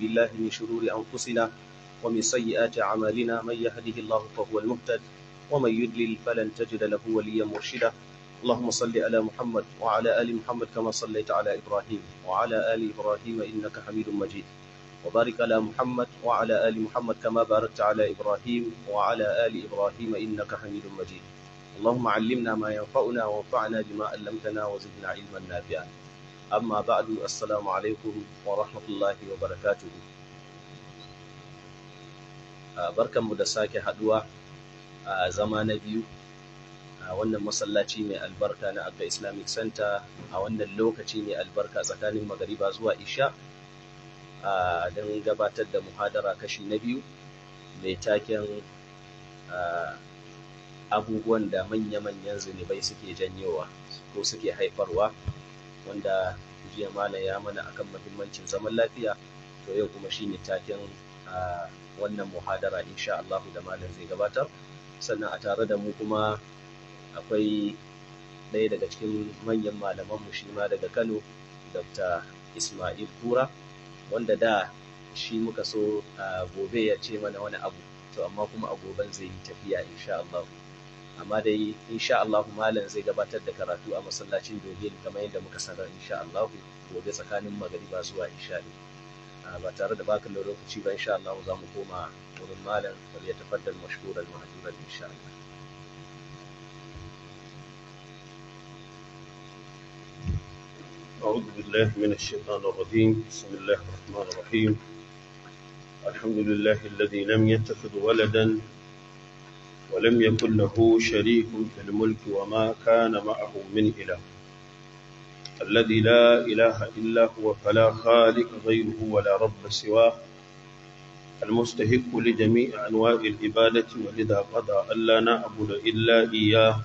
بالله من شرور أنفسنا ومن سيئات أعمالنا من يهده الله فهو المهتد ومن يدلل فلن تجد له وليا مرشدا اللهم صل على محمد وعلى آل محمد كما صليت على إبراهيم وعلى آل إبراهيم إنك حميد مجيد وبارك على محمد وعلى آل محمد كما باركت على إبراهيم وعلى آل إبراهيم إنك حميد مجيد اللهم علمنا ما ينفعنا وانفعنا بما علمتنا وزدنا علما نافعا amma ba'du assalamu alaikum wa rahmatullahi wa barakatuhu ah, barkanmu da sake haduwa a ah, zama na biyu a ah, wannan masallaci mai albarka na Abba Islamic Center a wannan lokaci mai albarka tsakanin magariba zuwa isha a don gabatar da muhadara kashi na biyu mai taken abubuwan da manya-manyan zunubai suke janyowa ko suke haifarwa wanda jiya malam ya mana akan muhimmancin zaman lafiya to yau kuma shine taken wannan muhadara insha Allah da malam zai gabatar sannan a tare da mu kuma akwai ɗaya daga cikin manyan malamanmu shi ma daga Kano Dr. Ismail Kura wanda da shi muka so gobe ya ce mana wani abu to amma kuma a goben zai yi tafiya insha Allah amma dai insha Allah malam zai gabatar da karatu a masallacin Dogel kamar yadda muka sanar insha Allah gobe tsakanin magariba zuwa isha ne ba tare da bakin lokaci ba insha Allah za mu koma wurin malam wal ya tafaddal mashkuran mahjuran insha Allah أعوذ بالله من الشيطان الرجيم بسم الله الرحمن الرحيم الحمد لله الذي لم يتخذ ولدا ولم يكن له شريك في الملك وما كان معه من إله الذي لا إله إلا هو فلا خالق غيره ولا رب سواه المستحق لجميع أنواع العبادة ولذا قضى ألا نعبد إلا إياه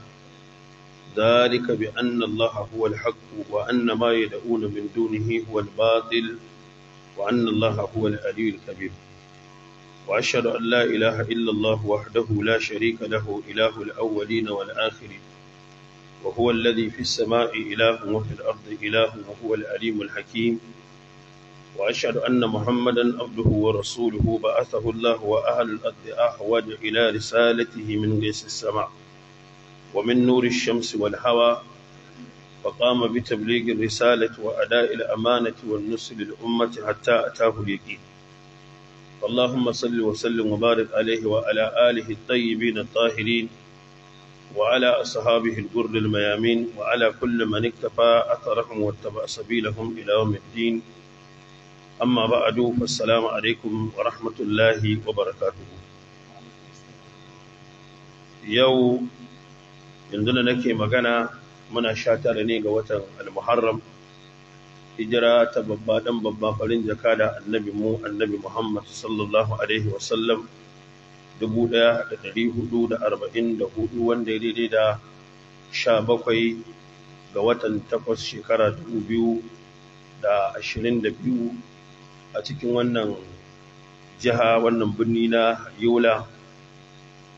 ذلك بأن الله هو الحق وأن ما يدعون من دونه هو الباطل وأن الله هو العلي الكبير وأشهد أن لا إله إلا الله وحده لا شريك له إله الأولين والآخرين وهو الذي في السماء إله وفي الأرض إله وهو العليم الحكيم وأشهد أن محمدا عبده ورسوله بعثه الله وأهل الأرض أحوج إلى رسالته من غيث السماء ومن نور الشمس والهوى فقام بتبليغ الرسالة وأداء الأمانة والنصر للأمة حتى أتاه اليقين اللهم صل وسلم وبارك عليه وعلى آله الطيبين الطاهرين وعلى أصحابه الجر الميامين وعلى كل من اكتفى أثرهم واتبع سبيلهم إلى يوم الدين أما بعد فالسلام عليكم ورحمة الله وبركاته يو يندل نكي مغانا منا شاتر نيغا وطن المحرم hijira ta babba dan babba farin jaka da annabi mu annabi Muhammad sallallahu alaihi wasallam 1444 wanda ya daidai da 17 ga watan takwas shekara 2022 a cikin wannan jiha wannan birni na Yola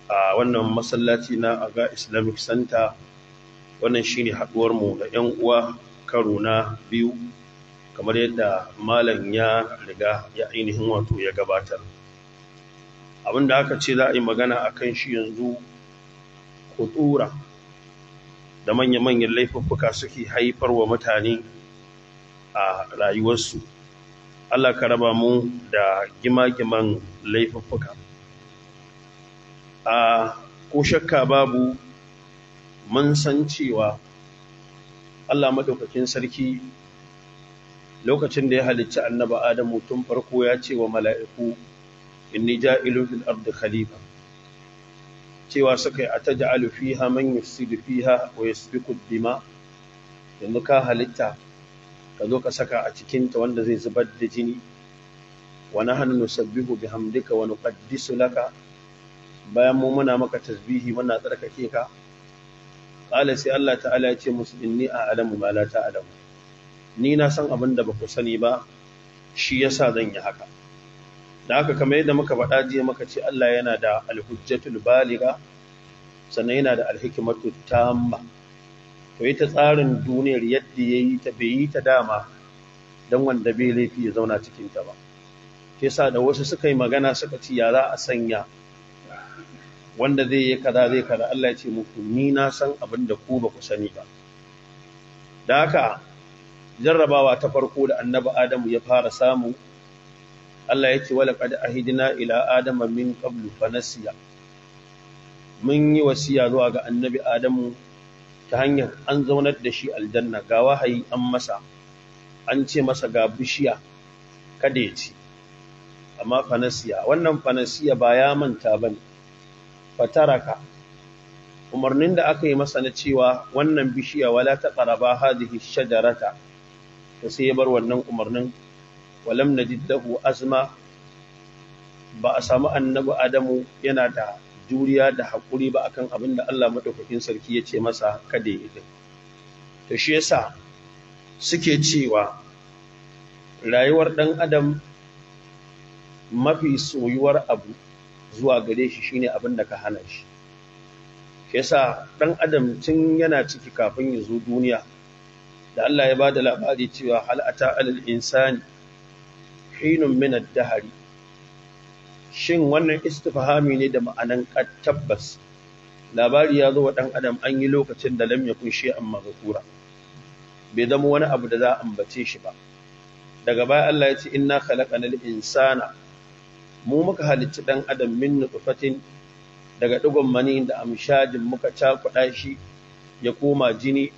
a wannan masallaci na Aga Islamic Center wannan shine haɗuwar mu da 'yan uwa karo na biyu kamar yadda malam ya riga ya ainihin wato ya gabatar abin da aka ce za a yi magana a kan shi yanzu kutura da manya-manyan laifuffuka suke haifar wa mutane a rayuwarsu Allah ka raba mu da gima-giman laifuffuka a ko shakka babu mun san cewa Allah maɗaukakin sarki lokacin da ya halicci annabi adamu tun farko ya ce wa mala'iku inni ja'ilun fil ardi khalifa cewa suka yi ataj'alu fiha man yufsidu fiha wa yasfiku dima yanzu ka halitta ka zo ka saka a cikin ta wanda zai zubar da jini wa nahnu nusabbihu wani wa nuqaddisu laka bayan mu muna maka tasbihi muna tsarkake ka qala sai Allah ta'ala ya ce musu inni a'lamu ma la ta'lamu ni na san abin da ba ku sani ba shi yasa zan yi haka da haka kamar yadda muka faɗa jiya muka ce Allah yana da alhujjatul baliga sannan yana da alhikimatu tamma to ita tsarin duniyar yadda yayi ta bai yi ta dama don wanda bai laifi ya zauna cikin ta ba ke sa da wasu suka yi magana suka ci ya za a sanya wanda zai yi kaza zai kaza Allah ya ce muku ni na san abin da ku ba ku sani ba da haka jarrabawa ta farko da annabi adamu ya fara samu Allah ya ce wala qad ahidna ila adama min qablu nasiya mun yi wasiya zuwa ga annabi adamu ta hanyar an zaunar da shi aljanna ga wahayi an masa an ce masa ga bishiya kada ya ci amma fanasiya wannan fanasiya ba ya manta ba ne fataraka umarnin da aka yi masa na cewa wannan bishiya wala ta ƙaraba hadihi shajarata da sai ya bar wannan umarnin walam najid lahu azma ba a samu annabi adamu yana da juriya da hakuri ba akan abin da Allah madaukakin sarki ya ce masa kada ya yi to shi yasa suke cewa rayuwar ɗan adam mafi soyuwar abu zuwa gare shi shine abin da ka hana shi yasa ɗan adam tun yana ciki kafin ya zo duniya da Allah ya ba da labari cewa hal'ata alal insani hinun min dahari shin wannan istifhami ne da ma'anan tabbas labari ya zo wa ɗan adam an yi lokacin da lam yakun ga kura. bai zama wani abu da za a ambace shi ba daga baya Allah ya ce inna khalaqanal insana mu muka halicci dan adam min nutfatin daga digon mani da amshajin muka cakuɗa shi ya koma jini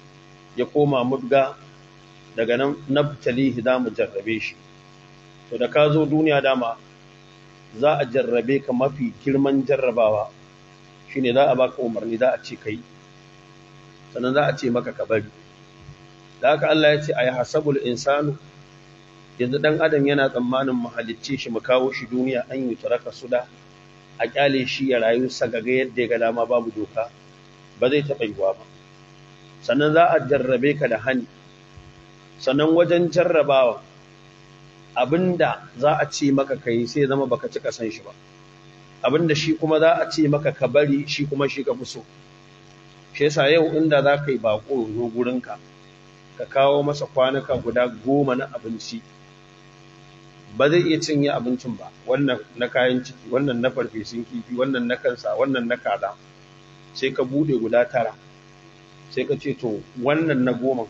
ya koma mudga daga nan nabtalihi za mu jarrabe shi to da ka zo duniya dama za a jarrabe ka mafi girman jarrabawa shine za a baka umarni za a ce kai sannan za a ce maka ka bari da haka Allah ya ce ayi hasabul insanu yanzu dan adam yana tsammanin mu shi mu kawo shi duniya an yi taraka suda a kyale shi ya rayu sagaga yadda ya ga dama babu doka ba zai taɓa yiwa ba sannan za a jarrabe ka da hani sannan wajen jarrabawa abinda za a ce maka kai sai zama baka cika san shi ba abinda shi kuma za a ce maka ka bari shi kuma shi ka fi so shi yasa yau inda za ka yi bako zo gurinka ka kawo masa kwanuka guda goma na abinci ba zai iya cinye abincin ba wannan na kayan ciki wannan na farfesun kifi wannan na kansa wannan na kaza sai ka bude guda tara sai ka ce to wannan na goma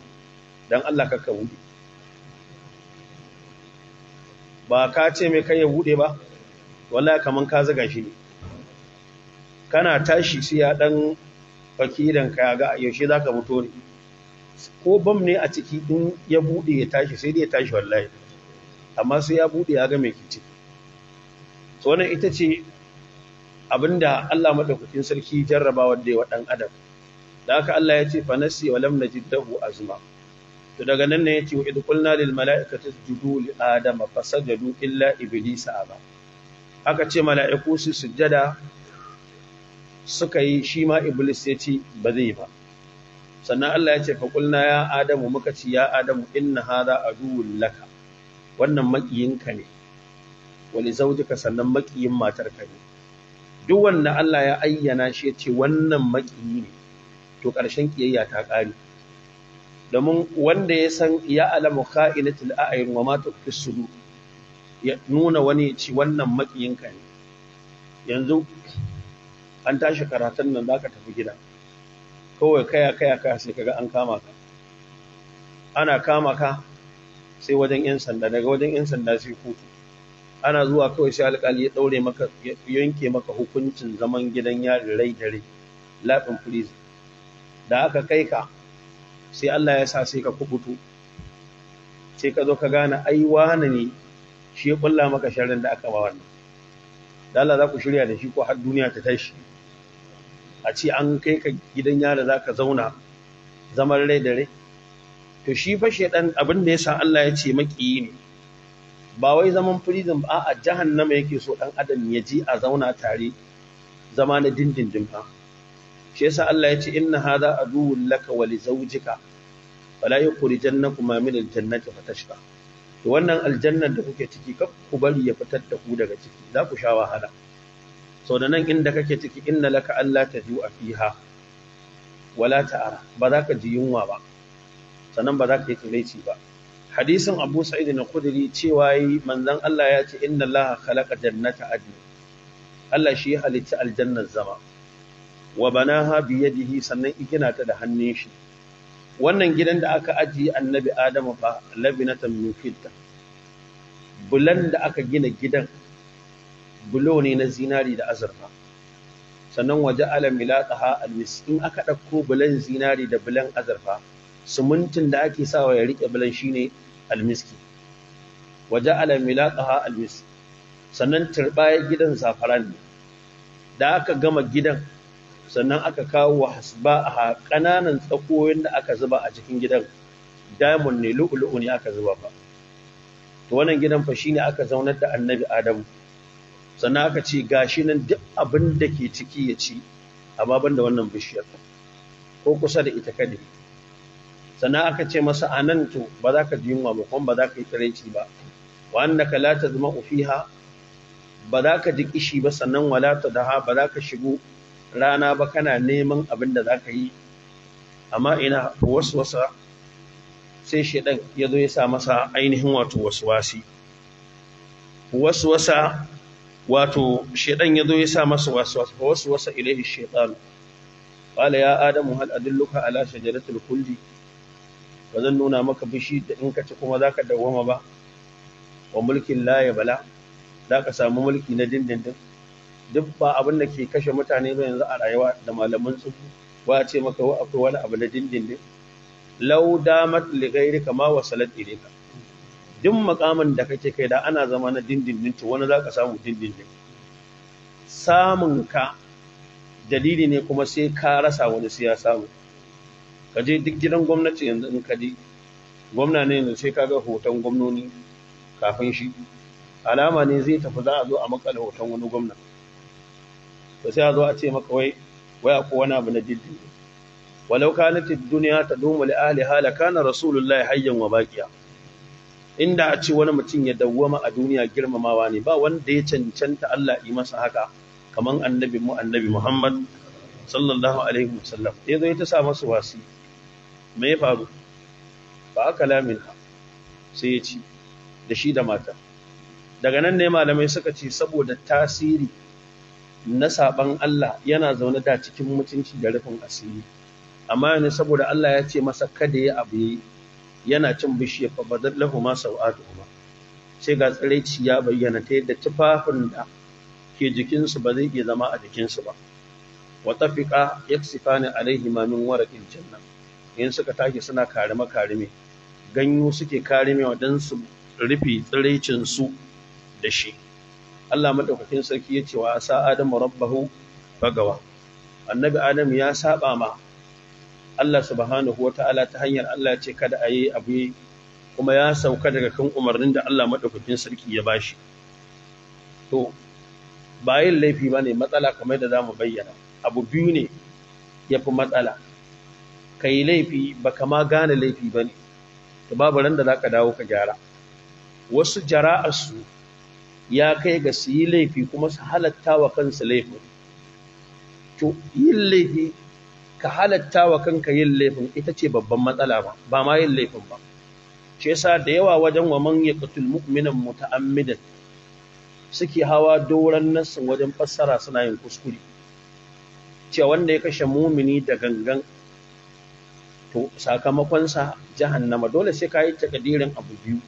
don Allah ka ka buɗe ba ka ce mai kai ya buɗe ba wallahi kaman ka zaga shi ne kana tashi sai ya dan fakidan ka ga yaushe zaka mutu ne ko bam ne a ciki din ya buɗe ya tashi sai dai ya tashi wallahi amma sai ya buɗe ya ga mai kici wannan ita ce abinda Allah madaukakin sarki jarrabawa da ya ɗan adam da haka Allah ya ce fa nasi wa lam najid a azma to daga nan ne yace wa id qulna lil mala'ikati sujudu li adama sajadu illa iblis aba aka ce mala'iku su sujjada suka yi shi ma iblis ya ce ba zai ba sannan Allah ya ce fa qulna ya adamu muka ce ya adamu inna hadha aduwwun laka wannan makiyinka ne wali zaujika sannan makiyin matarka ne duk wanda Allah ya ayyana shi ya ce wannan makiyi ne to ƙarshen ƙiyayya ta ƙare domin wanda ya san ya alamu kha'inatul a'yun wa ma tukfi sudur ya nuna wani ci wannan makiyinka ne yanzu an tashi karatun nan zaka tafi gida kawai kaya kaya kaya sai kaga an kama ka ana kama ka sai wajen yan sanda daga wajen yan sanda sai kotu ana zuwa kawai sai alƙali ya daure maka yanke maka hukuncin zaman gidan yari rai da rai lafin prison da aka kai ka sai Allah ya sa sai ka kubutu sai ka zo ka gane ai wani ne shi ya kulla maka sharrin da aka ba wannan da Allah za ku shirya da shi ko har duniya ta tashi a ce an kai ka gidan yara za ka zauna zaman rai da rai to shi fa shedan abin da yasa Allah ya ce makiyi ne ba wai zaman prison ba a jahannama yake so dan adam ya ji a zauna tare zama na dindindin ba shi yasa Allah ya ce inna hadha aduwwun laka wa li zawjika wala yukhrijannakuma min al-jannati fatashqa to wannan aljannar da kuke ciki kaf ku bari ya fitar da ku daga ciki za ku sha wahala sau da nan inda kake ciki inna laka Allah ta a fiha wala ta'ara ba za ka ji yunwa ba sannan ba za ka yi tsiraici ba hadisin abu sa'id na kudiri cewa yi manzon Allah ya ce inna Allah khalaqa jannata adn Allah shi ya halitta aljannar zama wa banaha bi yadihi sannan igina ta da hannun shi wannan gidan da aka ajiye annabi adamu fa labinatan min fitta bulan da aka gina gidan bulo ne na zinari da azurfa sannan waje ala milataha almis in aka dauko bulan zinari da bulan azurfa sumuntin da ake sawa ya rike bulan shine almiski waje ala milataha almis sannan turba gidan zafaran ne da aka gama gidan sannan aka kawo wa hasba a ƙananan tsakoyin da aka zuba a cikin gidan diamond ne lu'ulu'u ne aka zuba ba to wannan gidan fa shine aka zaunar da annabi adamu sannan aka ce gashi nan duk abin da ke ciki ya ci amma da wannan bishiyar ko kusa da ita kadi sannan aka ce masa anan to ba za ka ji yunwa ba kuma ba za ka yi tsiraici ba wa annaka la tazma'u fiha ba za ka ji kishi ba sannan wala ta tadaha ba za ka shigo rana ba kana neman abin da za ka yi amma ina waswasa sai shaidan ya zo ya sa masa ainihin wato waswasi waswasa wato shaidan ya zo ya sa masa waswasa waswasa ilaihi shaitan qala ya adamu hal adulluka ala shajaratil kulli ba zan nuna maka bishi da in ka ci kuma ka dawwama ba wa mulkin la Bala, za ka samu mulki na dindindin duk ba abin da ke kashe mutane ba yanzu a rayuwa da malaman su ba ce maka wa akwai wani abu na dindindin lau damat ghairi kama wasalat ilayka duk makamin da kake kai da ana zama na dindindin to wani zaka samu dindindin samun ka dalili ne kuma sai ka rasa wani sai ya samu ka je duk gidan gwamnati yanzu in ka je gwamna ne yanzu sai kaga hoton gwamnoni kafin shi alama ne zai tafi za a zo a makale hoton wani gwamnati to sai a zo a ce maka wai wai kowani wani abu na jiddi walau kanat ad-dunya tadumu li ahli hala kana rasulullahi hayyan wa baqiya inda a ce wani mutum ya dawwama a duniya girmamawa ne ba wanda ya cancanta Allah yi masa haka kaman annabi mu annabi Muhammad sallallahu alaihi wasallam ya zo ya ta sa masa wasi me ya faru ba aka ha, sai ya ci da shi da mata daga nan ne malamai suka ce saboda tasiri na saban Allah yana zaune da cikin mutunci da rufin asiri amma ne saboda Allah ya ce masa kada ya abu yana cin bishiya fa badal lahu ma sau'atuhuma sai ga tsiraici ya bayyana ta yadda tufafin da ke jikinsu ba zai iya zama a jikinsu ba wa tafiqa yaksifani ma min warqin janna in suka tashi suna karime karime ganyo suke karimewa dan su rufe tsiraicin su da shi Allah madaukakin sarki ya ce wa sa adamu rabbahu bagawa annabi adam ya saba ma Allah subhanahu wata'ala ta hanyar Allah ya ce kada a yi abu kuma ya sauka daga kan umarnin da Allah madaukakin sarki ya bashi to ba laifi ba ne matsala kamar da za mu bayyana abu biyu ne ya fi matsala ka yi laifi ba kama gane laifi ba ne babu ran da za ka dawo ka gyara wasu jara'arsu ya kai ga su yi laifi kuma su halatta wa kansu laifin to yin laifi ka halatta wa kanka yin laifin ita ce babban matsala ba ba ma yin laifin ba ce sa da yawa wajen wa man yaqtul mu'minan muta'ammidan suke hawa doron nasu wajen fassara suna yin kuskure ce wanda ya kashe mumini da gangan to sakamakonsa jahannama dole sai ka yi takadirin abu biyu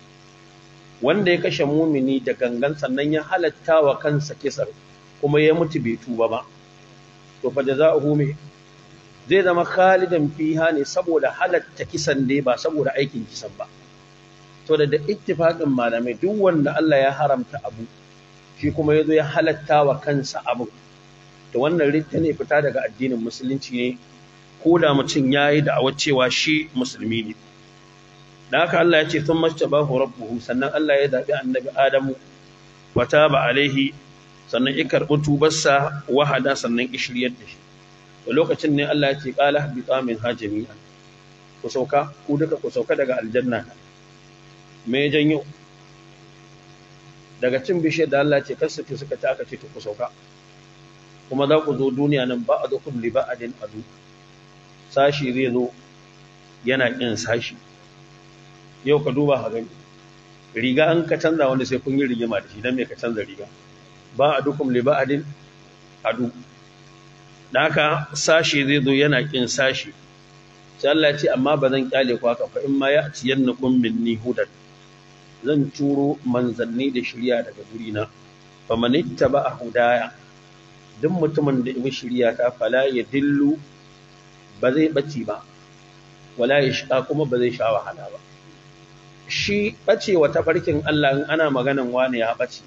wanda ya kashe mumini da gangan sannan ya halatta wa kansa kisar kuma ya mutu bai tuba ba to fa da za'u me zai zama khalidan fiha ne saboda halatta kisan ne ba saboda aikin kisan ba to da ittifaqin malamai duk wanda Allah ya haramta abu shi kuma yazo ya halatta wa kansa abu to wannan ritta ne fita daga addinin musulunci ne ko da mutum yayi da cewa shi musulmi ne da haka Allah ya ce sun mastabahu rabbuhu sannan Allah ya zabi annabi Adamu wa ba alaihi sannan ya karɓi tubarsa wahada sannan ya shiryar da shi da lokacin ne Allah ya ce qala bi tsamin hajimi ku sauka ku duka ku sauka daga aljanna me janyo daga cin bishiyar da Allah ce kasafi suka ta aka ce ku sauka kuma za ku zo duniya nan ba a zo kun liba adin adu sashi zai zo yana ƙin sashi yau ka duba ka gani riga an ka canza wanda sai kun yi rigima da shi don me ka canza riga ba a adukum a ba'adin adu haka sashi zai zo yana kin sashi sai Allah ya ce amma ba zan kyale ku haka fa in ma ya min ni hudan zan turo manzanni da shirya daga gurina fa ba a hudaya duk mutumin da ibi shirya ta fala ya dillu ba zai ɓaci ba wala ya shiga kuma ba zai sha wahala ba shi ɓacewa ta ɓarkin Allah in ana maganan wani ya ɓace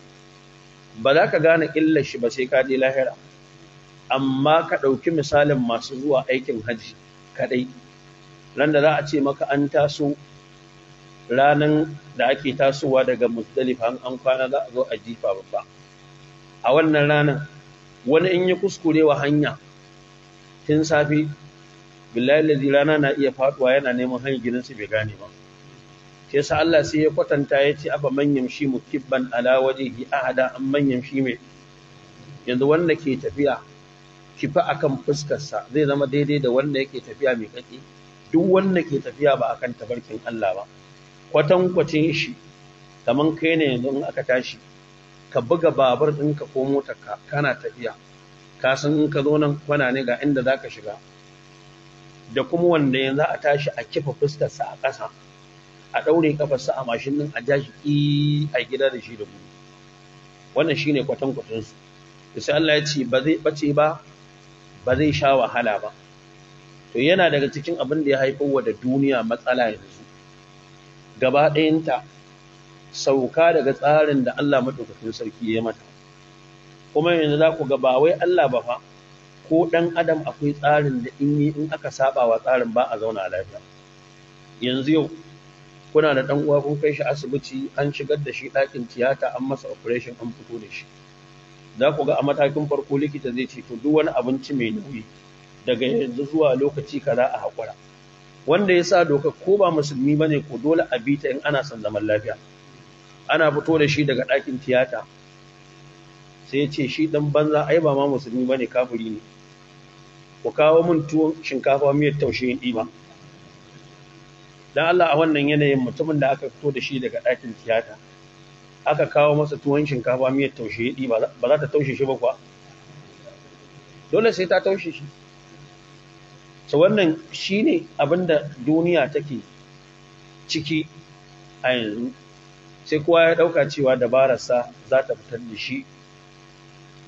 ba za ka gane illar shi ba sai ka je lahira amma ka ɗauki misalin masu zuwa aikin hajji kaɗai ran da za a ce maka an taso ranan da ake tasowa daga musdalifa an kwana za a zo a jifa babba a wannan ranan wani in ya kuskure wa hanya tun safe billahi rana na iya faɗuwa yana neman hanyar su bai gane ba sa Allah sai ya kwatanta ya ce afa man yamshi mukibban ala wajhihi ahada an man yamshi mai yanzu wanda ke tafiya kifa akan fuskarsa zai zama daidai da wanda yake tafiya mai kake duk wanda ke tafiya ba akan tabarkin Allah ba kwacin shi kaman kai ne yanzu in aka tashi ka buga babur ɗinka ko ka kana tafiya ka san in ka zo nan kwana ne ga inda za ka shiga da kuma wanda yanzu a tashi a kifa fuskarsa a ƙasa a ɗaure kafarsa a mashin din a jashi a gida da shi da gudu wannan shine kwatan kwatan su sai Allah ya ce ba zai bace ba ba zai sha wahala ba to yana daga cikin abin da ya haifar wa da duniya matsala yanzu gaba ɗayanta sauka daga tsarin da Allah maɗaukakin sarki ya mata kuma yanzu za ku ga ba wai Allah ba fa ko ɗan adam akwai tsarin da in yi in aka saba wa tsarin ba a zauna lafiya yanzu yau kuna da ɗan uwa kun kai shi asibiti an shigar da shi ɗakin tiyata an masa operation an fito da shi za ku ga a matakin farko likita zai ce to duk wani abinci mai nauyi daga yanzu zuwa lokaci ka za a haƙura wanda ya sa doka ko ba musulmi ba ne ko dole a bita in ana son zaman lafiya ana fito da shi daga ɗakin tiyata sai ya ce shi ɗan banza ai ba ma musulmi ba ne kafiri ne ku kawo min tuwon shinkafa miyar taushe in ɗiba dan Allah a wannan yanayin mutumin da aka fito da shi daga ɗakin tiyata aka kawo masa tuwon shinkafa miyar taushe ɗi ba za ta taushe shi ba kuwa dole sai ta taushe shi so wannan shine abin da duniya take ciki a yanzu sai kowa ya ɗauka cewa dabararsa za ta fitar da shi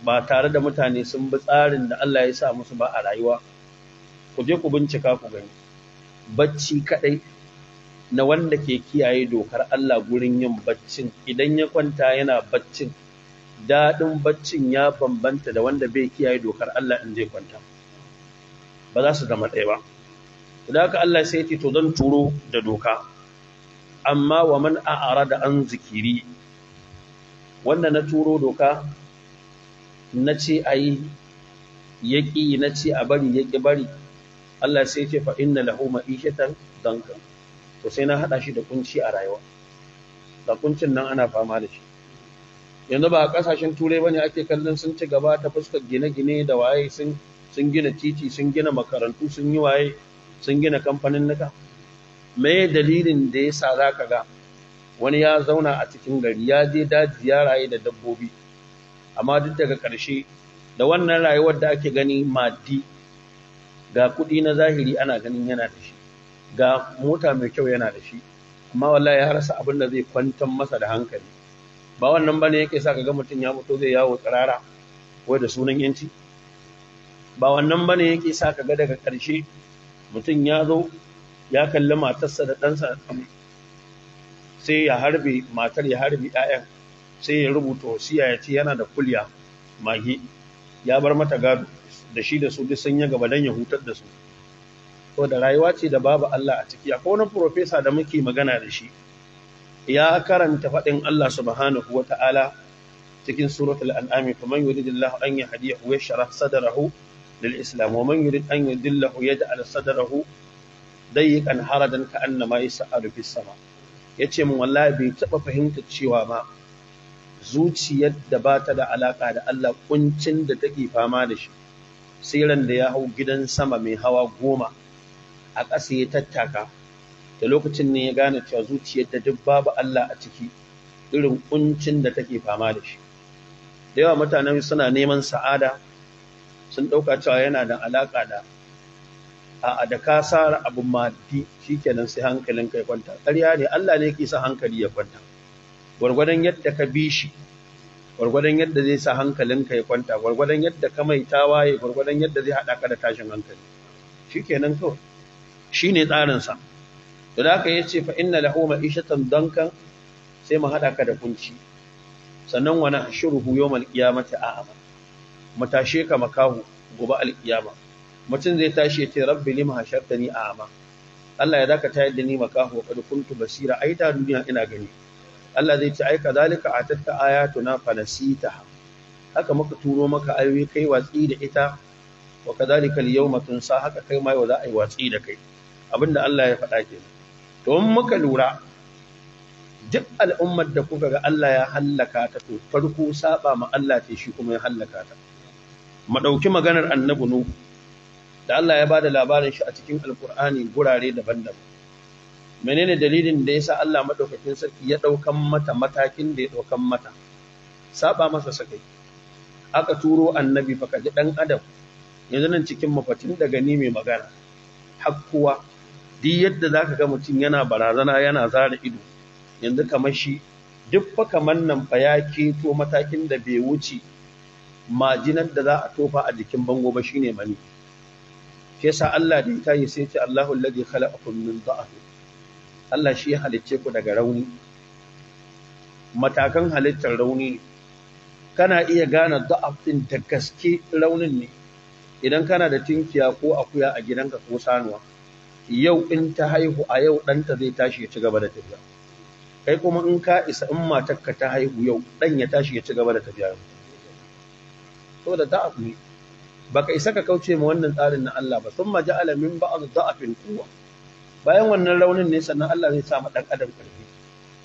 ba tare da mutane sun bi tsarin da Allah ya sa musu ba a rayuwa ku je ku bincika ku gani bacci kaɗai na wanda ke kiyaye dokar Allah gurin yin baccin idan ya kwanta yana baccin daɗin baccin ya bambanta da wanda bai kiyaye dokar Allah in zai kwanta ba za su zama ɗaya ba da haka Allah sai ya to zan turo da doka amma wa man a'ara da an zikiri wanda na turo doka na ce a yi yaƙi na ce a bari yaƙi bari Allah sai ya ce fa inna lahu ma'ishatan dankan to sai na haɗa shi da kunci a rayuwa da kuncin nan ana fama da shi yanzu ba a ƙasashen turai ba ne ake kallon sun ci gaba ta fuskar gine-gine da waye sun gina titi sun gina makarantu sun yi waye sun gina kamfanin nuka me dalilin da ya sa za ka ga wani ya zauna a cikin gari ya je daji ya raye da dabbobi amma duk daga ƙarshe da wannan rayuwar da ake gani maddi ga kuɗi na zahiri ana ganin yana da shi ga mota mai kyau yana da shi amma wallahi ya rasa abin da zai kwantar masa da hankali ba wannan bane yake sa kaga mutum ya fito zai yawo tsirara wai da sunan yanci ba wannan bane yake sa ga daga ƙarshe mutum ya zo ya kalli matarsa da ɗansa sai ya harbe matar ya harbe ɗayan sai ya rubuta wasiya ya ce yana da kulya mage ya bar mata gado da shi da su duk sun yi gaba don ya hutar da su ko da rayuwa ce da babu Allah a ciki akwai wani profesa da muke magana da shi ya karanta faɗin Allah subhanahu wa ta'ala cikin suratul an'ami faman yuridillahu an yahdiyahu yashrah sadrahu lil islam wa man yurid an yudillahu yaj'al sadrahu dayyqan harajan ka'annama yas'alu fis sama yace mun wallahi bai taba fahimta cewa ma zuciyar da ba ta da alaka da Allah kuncin da take fama da shi sai da ya hau gidan sama mai hawa goma a ƙasa ya tattaka da lokacin ne ya gane cewa zuciyar da duk babu Allah a ciki irin kuncin da take fama da shi da yawa mutanen suna neman sa'ada sun ɗauka cewa yana da alaƙa da a da ka sara abin maddi shikenan sai hankalin kai kwanta ƙarya ne Allah ne yake sa hankali ya kwanta gwargwadon yadda ka bi shi gwargwadon yadda zai sa hankalin ka ya kwanta gwargwadon yadda ka mai tawaye gwargwadon yadda zai haɗa ka da tashin hankali shikenan kawai Shi ne tsarinsa to da ya ce fa inna lahu ma'ishatan dankan sai mu hada ka da kunci sannan shiru nahshuruhu yawmal qiyamati a'ama mu tashe ka makahu gobe alƙiyama. mutum zai tashi yace rabbi lima hashartani a'ama Allah ya daka tayar da ni makahu wa qad basira. basira yi ta duniya ina gani Allah zai ce ai kadhalika aya, ayatuna fanasitaha haka muka turo maka ayoyi kai watsi da ita wa kadhalika al-yawma haka kai ma yau za a yi watsi da kai Abin da Allah ya faɗa ke to muka lura duk al'ummar da kuka ga Allah ya hallaka ta to farko saba ma Allah ce shi kuma ya hallaka ta madauki maganar annabi nu da Allah ya bada labarin shi a cikin alkur'ani gurare daban-daban menene dalilin da yasa Allah madaukakin sarki ya ɗaukan mata matakin da ya ɗaukan mata saba masa sakai aka turo annabi faka ji dan adam yanzu nan cikin mafatin daga ni mai magana hakkuwa duk yadda zaka ga mutum yana barazana yana zara ido yanzu kamar shi duk fa kamar nan fa ya keto matakin da bai wuce majinar da za a tofa a jikin bango ba shine mani Ke sa Allah da ya yi sai ce Allahu alladhi khalaqakum min dha'f Allah shi ya halicce ku daga rauni matakan halittar rauni kana iya gane da'af din da gaske raunin ne idan kana da tinkiya ko akuya a gidanka ko sanuwa yau in ta haihu a yau ɗanta zai tashi ya ci gaba da tafiya kai kuma in ka isa in matarka ta haihu yau ɗan ya tashi ya ci gaba da tafiya to da ta abu baka isa ka kauce ma wannan tsarin na Allah ba sun maji alamin ba a da'afin kuwa bayan wannan raunin ne sannan Allah zai sa ma ɗan adam ƙarfi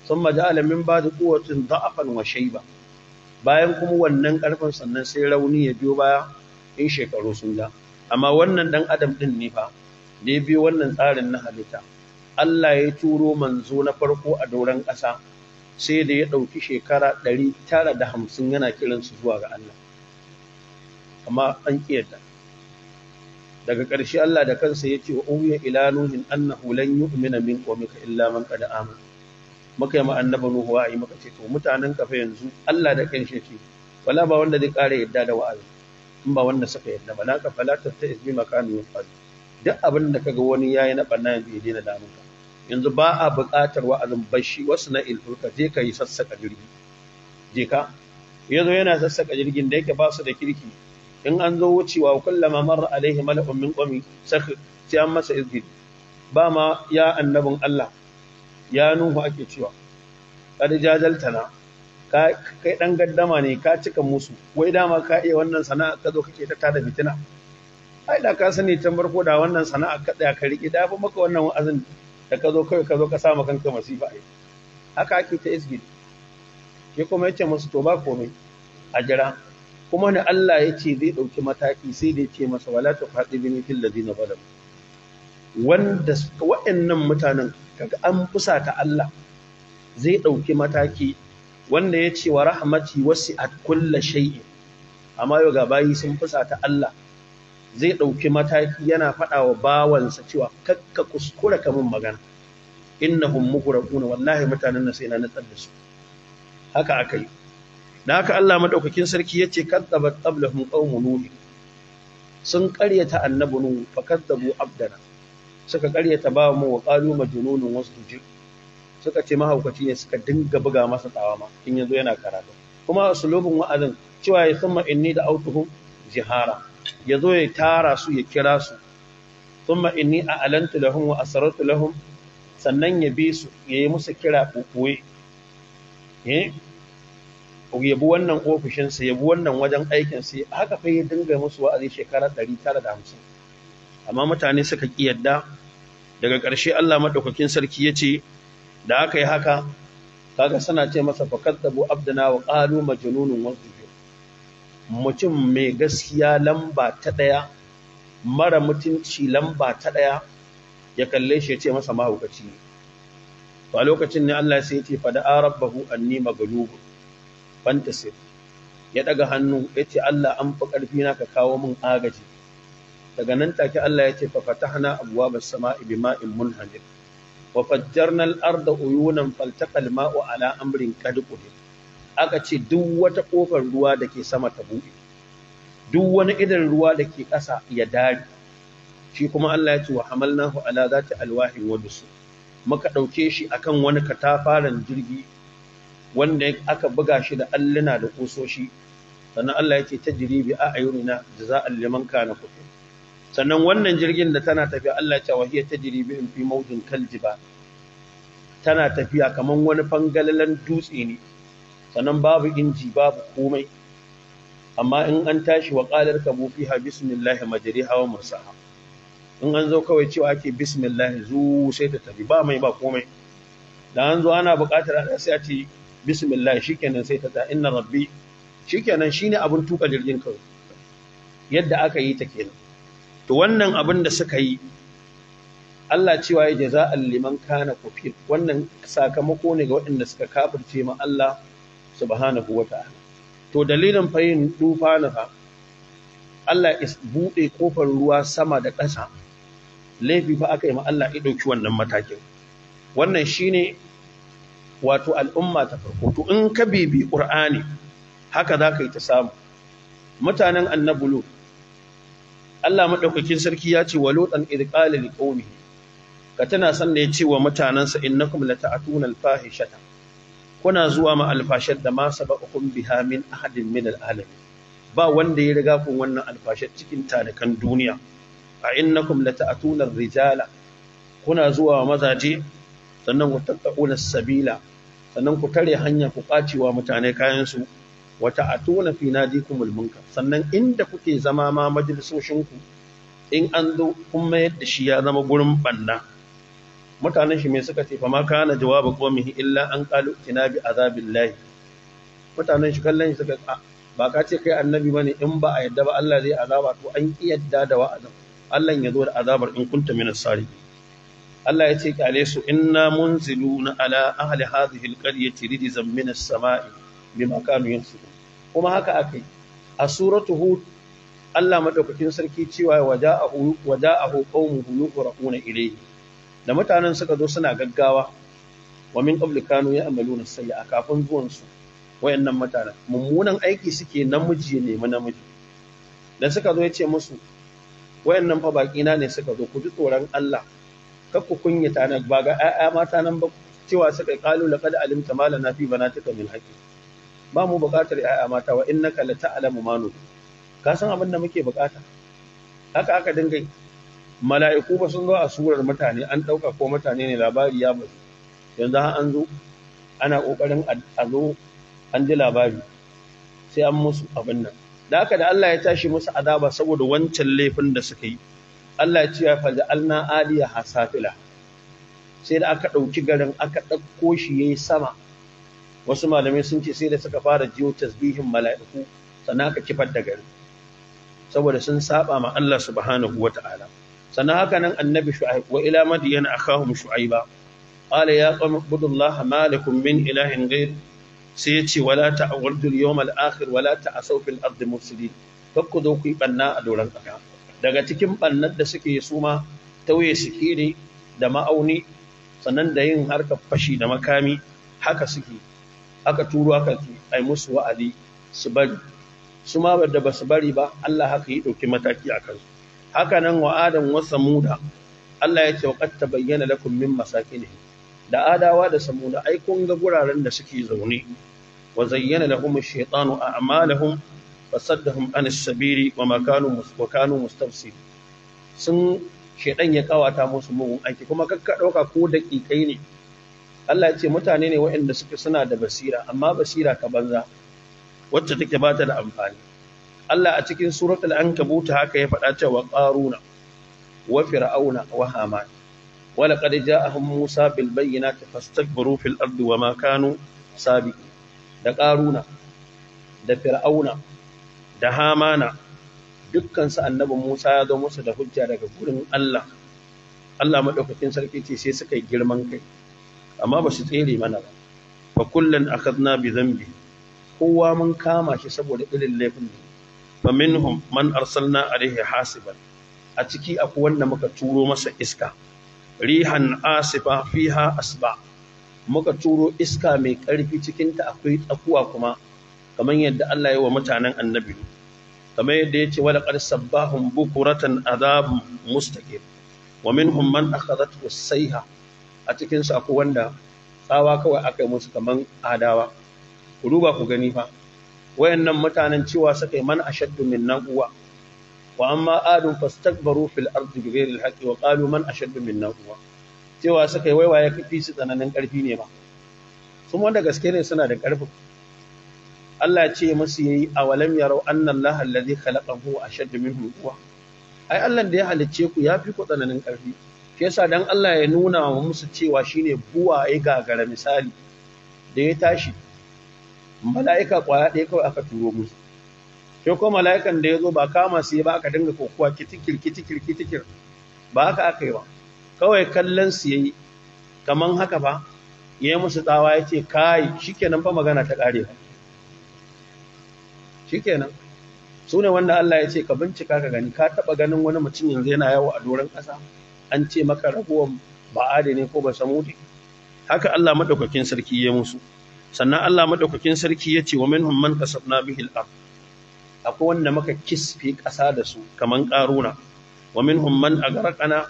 sun maji alamin ba da kuwacin da'afan wa shaiba bayan kuma wannan ƙarfin sannan sai rauni ya biyo baya in shekaru sun ja amma wannan ɗan adam ɗin ne fa da ya bi wannan tsarin na halitta Allah ya turo manzo na farko a doron ƙasa sai da ya ɗauki shekara ɗari tara da hamsin yana kiransu zuwa ga Allah amma an ƙiyarta daga ƙarshe Allah da kansa ya ce wa uwiya ila nuhin annahu lan yu'mina min qawmika illa man qad amana muka yi annabi nuhu wa yi maka ce to mutanen kafa yanzu Allah da kansa ce wala ba wanda zai ƙara yadda da wa'azi in ba wanda suka yadda ba la ka fala tatta'iz bi makani yuqalu duk abin da kaga wani yayi na banna yanzu ya daina damun ka yanzu ba a buƙatar wa'azin bashi wasu na ilfurka je ka yi sassaka jirgi je ka yazo yana sassaka jirgin da yake ba su da kirki in an zo wucewa kullama marra alaihi mala'un min qawmi sai an masa izgid ba ma ya annabin Allah ya nuhu ake cewa kad jajaltana ka kai dan gaddama ne ka cika musu wai dama ka iya wannan sana'a ka zo kake ta tada fitina ai da ka sani ta barko da wannan sana'a ka tsaya ka riƙe da fa maka wannan wa'azin da ka zo kawai ka zo ka sa kanka masifa ai haka ake ta isgid ya kuma yace musu to ba komai a jira kuma ne Allah ya ce zai ɗauki mataki sai da ya ce masa wala ta faɗi bini fil ladina zalamu wanda wa'annan mutanen kaga an fusa ta Allah zai ɗauki mataki wanda ya ce wa rahmati wasi'at kulli shay'in amma yau ga bayi sun fusa ta Allah zai ɗauki mataki yana faɗa wa bawansa cewa kakka kuskura ka mun magana innahum mughraquna wallahi mutanen nan sai na natsar da su haka aka yi da haka Allah madaukakin sarki yace kadzabat qablahum qaumun nuh sun ƙaryata annabi nuh fa kadzabu abdana suka ƙaryata ba mu wa qalu wasu wasdujir suka ce mahaukaci ne suka dinga buga masa tsawama, in yanzu yana karatu kuma usulubun wa'azin cewa ya summa inni da autuhum jihara ya zo ya tara su ya kira su thumma inni a'lantu lahum wa asrartu lahum sannan ya bi su ya yi musu kira kokoye eh ya bi wannan ofishin sa ya bi wannan wajen aikin sa haka fa ya dinga musu wa'azi shekara 950 amma mutane suka ki yadda daga ƙarshe Allah madaukakin sarki ya ce, da aka yi haka kaga suna ce masa fakadabu abdana wa qalu majnunun wasu mutum mai gaskiya lamba ta ɗaya mara mutunci lamba ta ɗaya ya kalle shi ya ce masa mahaukaci ne to lokacin ne Allah sai ya ce fada rabbahu anni maghlubun fantasir ya daga hannu ya ce Allah an fi karfi na ka kawo min agaji daga nan take Allah ya ce fa fatahna abwabas sama'i bima'in munhadir wa fajjarna al-arda uyunan faltaqa al-ma'u ala amrin qad aka ce duk wata ƙofar ruwa da ke sama ta buɗe duk wani idan ruwa da ke ƙasa ya dare shi kuma Allah ya ce wa hamalnahu ala zati alwahin wa dusu muka ɗauke shi akan wani katafaren jirgi wanda aka buga shi da alluna da ƙusoshi sannan Allah ya ce ta jiribi a ayyurina jaza'an liman kana kutu sannan wannan jirgin da tana tafiya Allah ya ce wa hiya tajribi in fi mawjin kaljiba tana tafiya kaman wani fangalalen dutse ne sannan babu inji babu komai amma in an tashi wa ka kabu fiha bismillah majriha wa mursaha in an zo kawai cewa ake bismillah zu sai ta tafi ba mai ba komai da an zo ana buƙatar a sai a ce bismillah shikenan sai ta ta inna rabbi shikenan shine abin tuka jirgin kawai yadda aka yi ta kenan to wannan abin da suka yi Allah cewa ya jaza'an liman kana kufir wannan sakamako ne ga waɗanda suka kafirce ma Allah subhanahu wa ta'ala to dalilin fayin dufa fa Allah is bude kofar ruwa sama da ƙasa laifi fa aka yi ma Allah ya dauki wannan matakin wannan shine wato al'umma ta farko to in ka bibi qur'ani haka za yi ta samu mutanen annabulu Allah madaukakin sarki ya ce walutan idqala liqaumihi ka tana san da ya ce wa mutanansa innakum lata'tuna al-fahishata kuna zuwa ma alfashar da ma sabaqakum biha min ahadin min alalamin ba wanda ya riga kun wannan alfashar cikin tarikan duniya a innakum lata'tuna rijala kuna zuwa mazaje sannan ku tattauna sabila sannan ku tare hanya ku kwacewa mutane kayan su wa ta'tuna fi nadikumul munkar sannan inda kuke zama ma majalisoshinku in an zo kuma mayar da shi ya zama gurin banna mutanen shi me suka ce fa ma kana jawabu qaumihi illa an qalu tina bi azabillahi mutanen shi kallon shi suka ah, ba ka ce kai annabi bane in ba a yadda ba Allah zai azaba to an ki yadda da wa'azin Allah ya zo da azabar in kunta min sari Allah ya ce kyale su inna munziluna ala ahli hadhihi alqaryati rijzan min as-sama'i bima kanu yansubun kuma haka akai a suratu hud Allah madaukakin sarki cewa waja'ahu waja'ahu qaumuhu yuqra'una ilayhi da mutanen suka zo suna gaggawa wa min qabli kanu ya'maluna a kafin zuwan su wayannan mutanen mummunan aiki suke namiji ne mu namiji da suka zo yace musu wayannan fa baki na ne suka zo ku ji tsoron Allah kar ku kunyata na ba ga ƴaƴa mata nan ba cewa suka qalu laqad alimta ma lana fi banatika min haqi ba mu buƙatar ƴaƴa mata wa innaka la ta'lamu ma nu ka san abin da muke buƙata haka aka dinga mala'iku ba sun zo a surar mutane an ɗauka ko mutane ne labari ya bari yanzu an zo ana ƙoƙarin a zo an ji labari sai an musu abin nan da haka da Allah ya tashi musu azaba saboda wancan laifin da suka yi Allah ya ce ya faja alna aliya hasafila sai da aka ɗauki garin aka ɗauko shi yayi sama wasu malamai sun ce sai da suka fara jiyo tasbihin mala'iku sannan aka kifar da garin saboda sun saba ma Allah subhanahu wata'ala sannan haka nan annabi shu'aib wa ila madiyana akahum shu'aiba qala ya qawmi ibudullaha ma min ilahin ghayr sai yace wala ta'awdu al-yawm al-akhir wala ta'asaw fil ardi mufsidin kakku ku banna a doran kaka daga cikin bannar da suke suma tauye sikiri da ma'auni sannan da yin harkar fashi da makami haka suke aka turo aka ai musu wa'adi su bari su ma da ba su bari ba Allah haka yi ɗauki mataki a kansu haka nan wa adam wa samuda Allah ya ce wa qad tabayyana lakum min masakinihim da adawa da samuda ai kun ga guraren da suke zaune wa zayyana lahum ash-shaytanu a'malahum fasaddahum an as-sabili wa ma kanu wa kanu mustafsil sun shedan ya kawata musu mugun aiki kuma kakka dauka ko daƙiƙai ne Allah ya ce mutane ne waɗanda suke suna da basira amma basira ka banza wacce take bata da amfani Allah a cikin suratul buta haka ya faɗa cewa ƙaruna wa fir'auna wa haman wa laqad ja'ahum musa bil bayyinati fastakbaru fil ardi wa ma kanu sabiqin da qaruna da fir'auna da hamana dukkan su annabi musa ya zo musu da hujja daga gurin Allah Allah madaukakin sarki ce sai suka yi girman kai amma ba su tsere mana ba fa kullan akhadna bi dhanbi kowa mun kama shi saboda irin laifin fa minhum man arsalna alaihi hasiban a ciki akwai wanda muka turo masa iska rihan asifa fiha asba muka turo iska mai ƙarfi cikin ta akwai tsakuwa kuma kamar yadda Allah ya wa mutanen annabi kamar yadda yace wala qad sabbahum bukuratan adabun mustaqim wa minhum man akhadathu sayha a cikin akwai wanda tsawa kawai aka yi musu kamar adawa ku duba ku gani fa wayannan mutanen cewa suka yi man ashaddu nan uwa. wa amma adu fastakbaru fil ardi bighairi haqqi wa qalu man ashaddu nan uwa. cewa suka yi waiwaye kafi su tsananin karfi ne ba sun wanda gaske ne suna da karfi Allah ya ce musu yayi awalam yarau anna Allah alladhi khalaqahu ashaddu minhum ai Allah da ya halicce ku yafi ku tsananin karfi shi yasa dan Allah ya nuna wa musu cewa shine buwa ai gagara misali da ya tashi mala'ika kwaya ɗaya kawai aka turo musu ko ko mala'ikan da ya zo ba kama su ba aka dinga kokowa kitikir kitikir kitikir ba haka aka yi ba kawai kallon su yayi kaman haka ba ya musu tsawa ya ce kai shikenan fa magana ta ƙare shikenan su ne wanda Allah ya ce ka bincika ka gani ka taɓa ganin wani mutum yanzu yana yawo a doron ƙasa an ce maka raguwan ba'adi ne ko ba samudi haka Allah maɗaukakin sarki ya musu sannan Allah madaukakin sarki ya ce wa minhum man kasabna bihil al akwai wanda muka kisfe ƙasa da su kaman karuna wa minhum man agarqana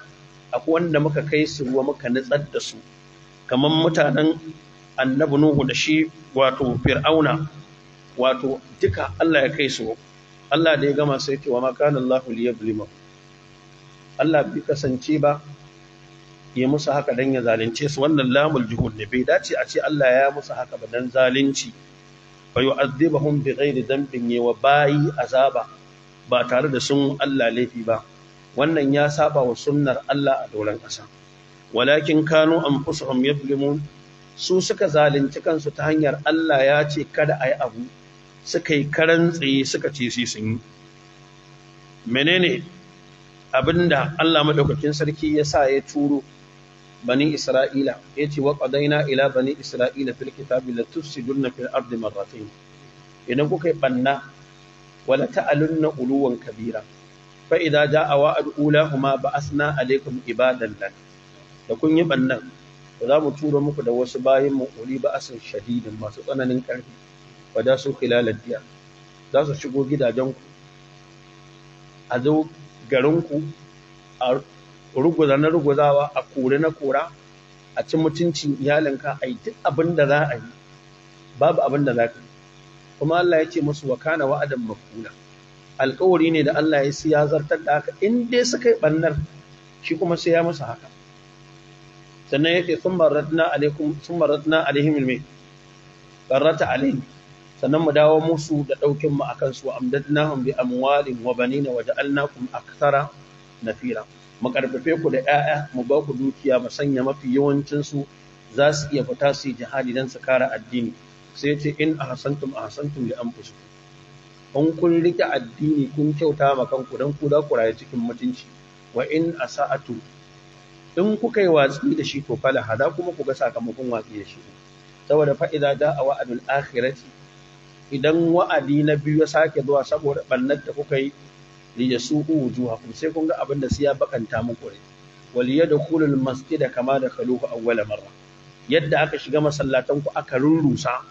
akwai wanda muka kai su ruwa muka nutsar da su kaman mutanen annabi Nuhu da shi wato Fir'auna wato duka Allah ya kai su Allah da ya gama sai ce wa ma kana Allahu liyablima Allah bai kasance ba ya musu haka dan ya zalunce su wannan lamul juhud ne bai dace a ce Allah ya musu haka ba dan zalunci fa yu'adhibuhum ghairi dhanbin wa bayi azaba ba tare da sun Allah laifi ba wannan ya saba wa sunnar Allah a doron ƙasa walakin kanu anfusuhum yablimun su suka zalunci kansu ta hanyar Allah ya ce kada ayi abu suka yi karan tsaye suka ce sai sun yi menene abinda Allah madaukakin sarki ya sa ya turo bani isra'ila yace wa qadaina ila bani isra'ila fil kitabi la tufsiduna fil ardi marratayn idan kuka yi banna wala ta'alunna uluwan kabira fa a jaa wa'd ulahuma ba'asna alaikum ibadan lana da kun yi bannan za mu tura muku da wasu bayin mu uli ba'asan shadidin masu tsananin karfi wada su khilalad diyar za su shigo gidajenku a zo garinku a ruguza na ruguzawa a kore na kora a ci mutuncin iyalinka a yi duk abin da za a yi babu abin da za ka yi kuma Allah ya ce musu wa kana wa'adan mafuna alkawari ne da Allah ya siya zartar da haka in dai suka yi bannar shi kuma sai ya musu haka sannan ya ce sun maratna alaikum sun maratna alaihim ilmi qarrata alaihim sannan mu dawo musu da daukin mu akan su amdadnahum bi amwalin wa banina wa ja'alnakum akthara nafira mu karfafe ku da 'ya'ya mu ba ku dukiya mu sanya mafi yawancin su za su iya fita su jihadi dan su kare addini sai ce in ahsantum ahsantum li anfusikum in kun rike addini kun kyauta ma kanku dan ku za ku rayu cikin mutunci wa in asa'atu in kuka yi watsi da shi to fala hada kuma ku ga sakamakon watsi da shi saboda fa'ida da a wa'adul akhirati idan wa'adi na biyu ya sake zuwa saboda bannar da kuka yi li yasu wujuhakum sai kun ga abin da su ya bakanta muku rai wal maske da kama da kaluhu awwala marra yadda aka shiga masallatan ku aka rurrusa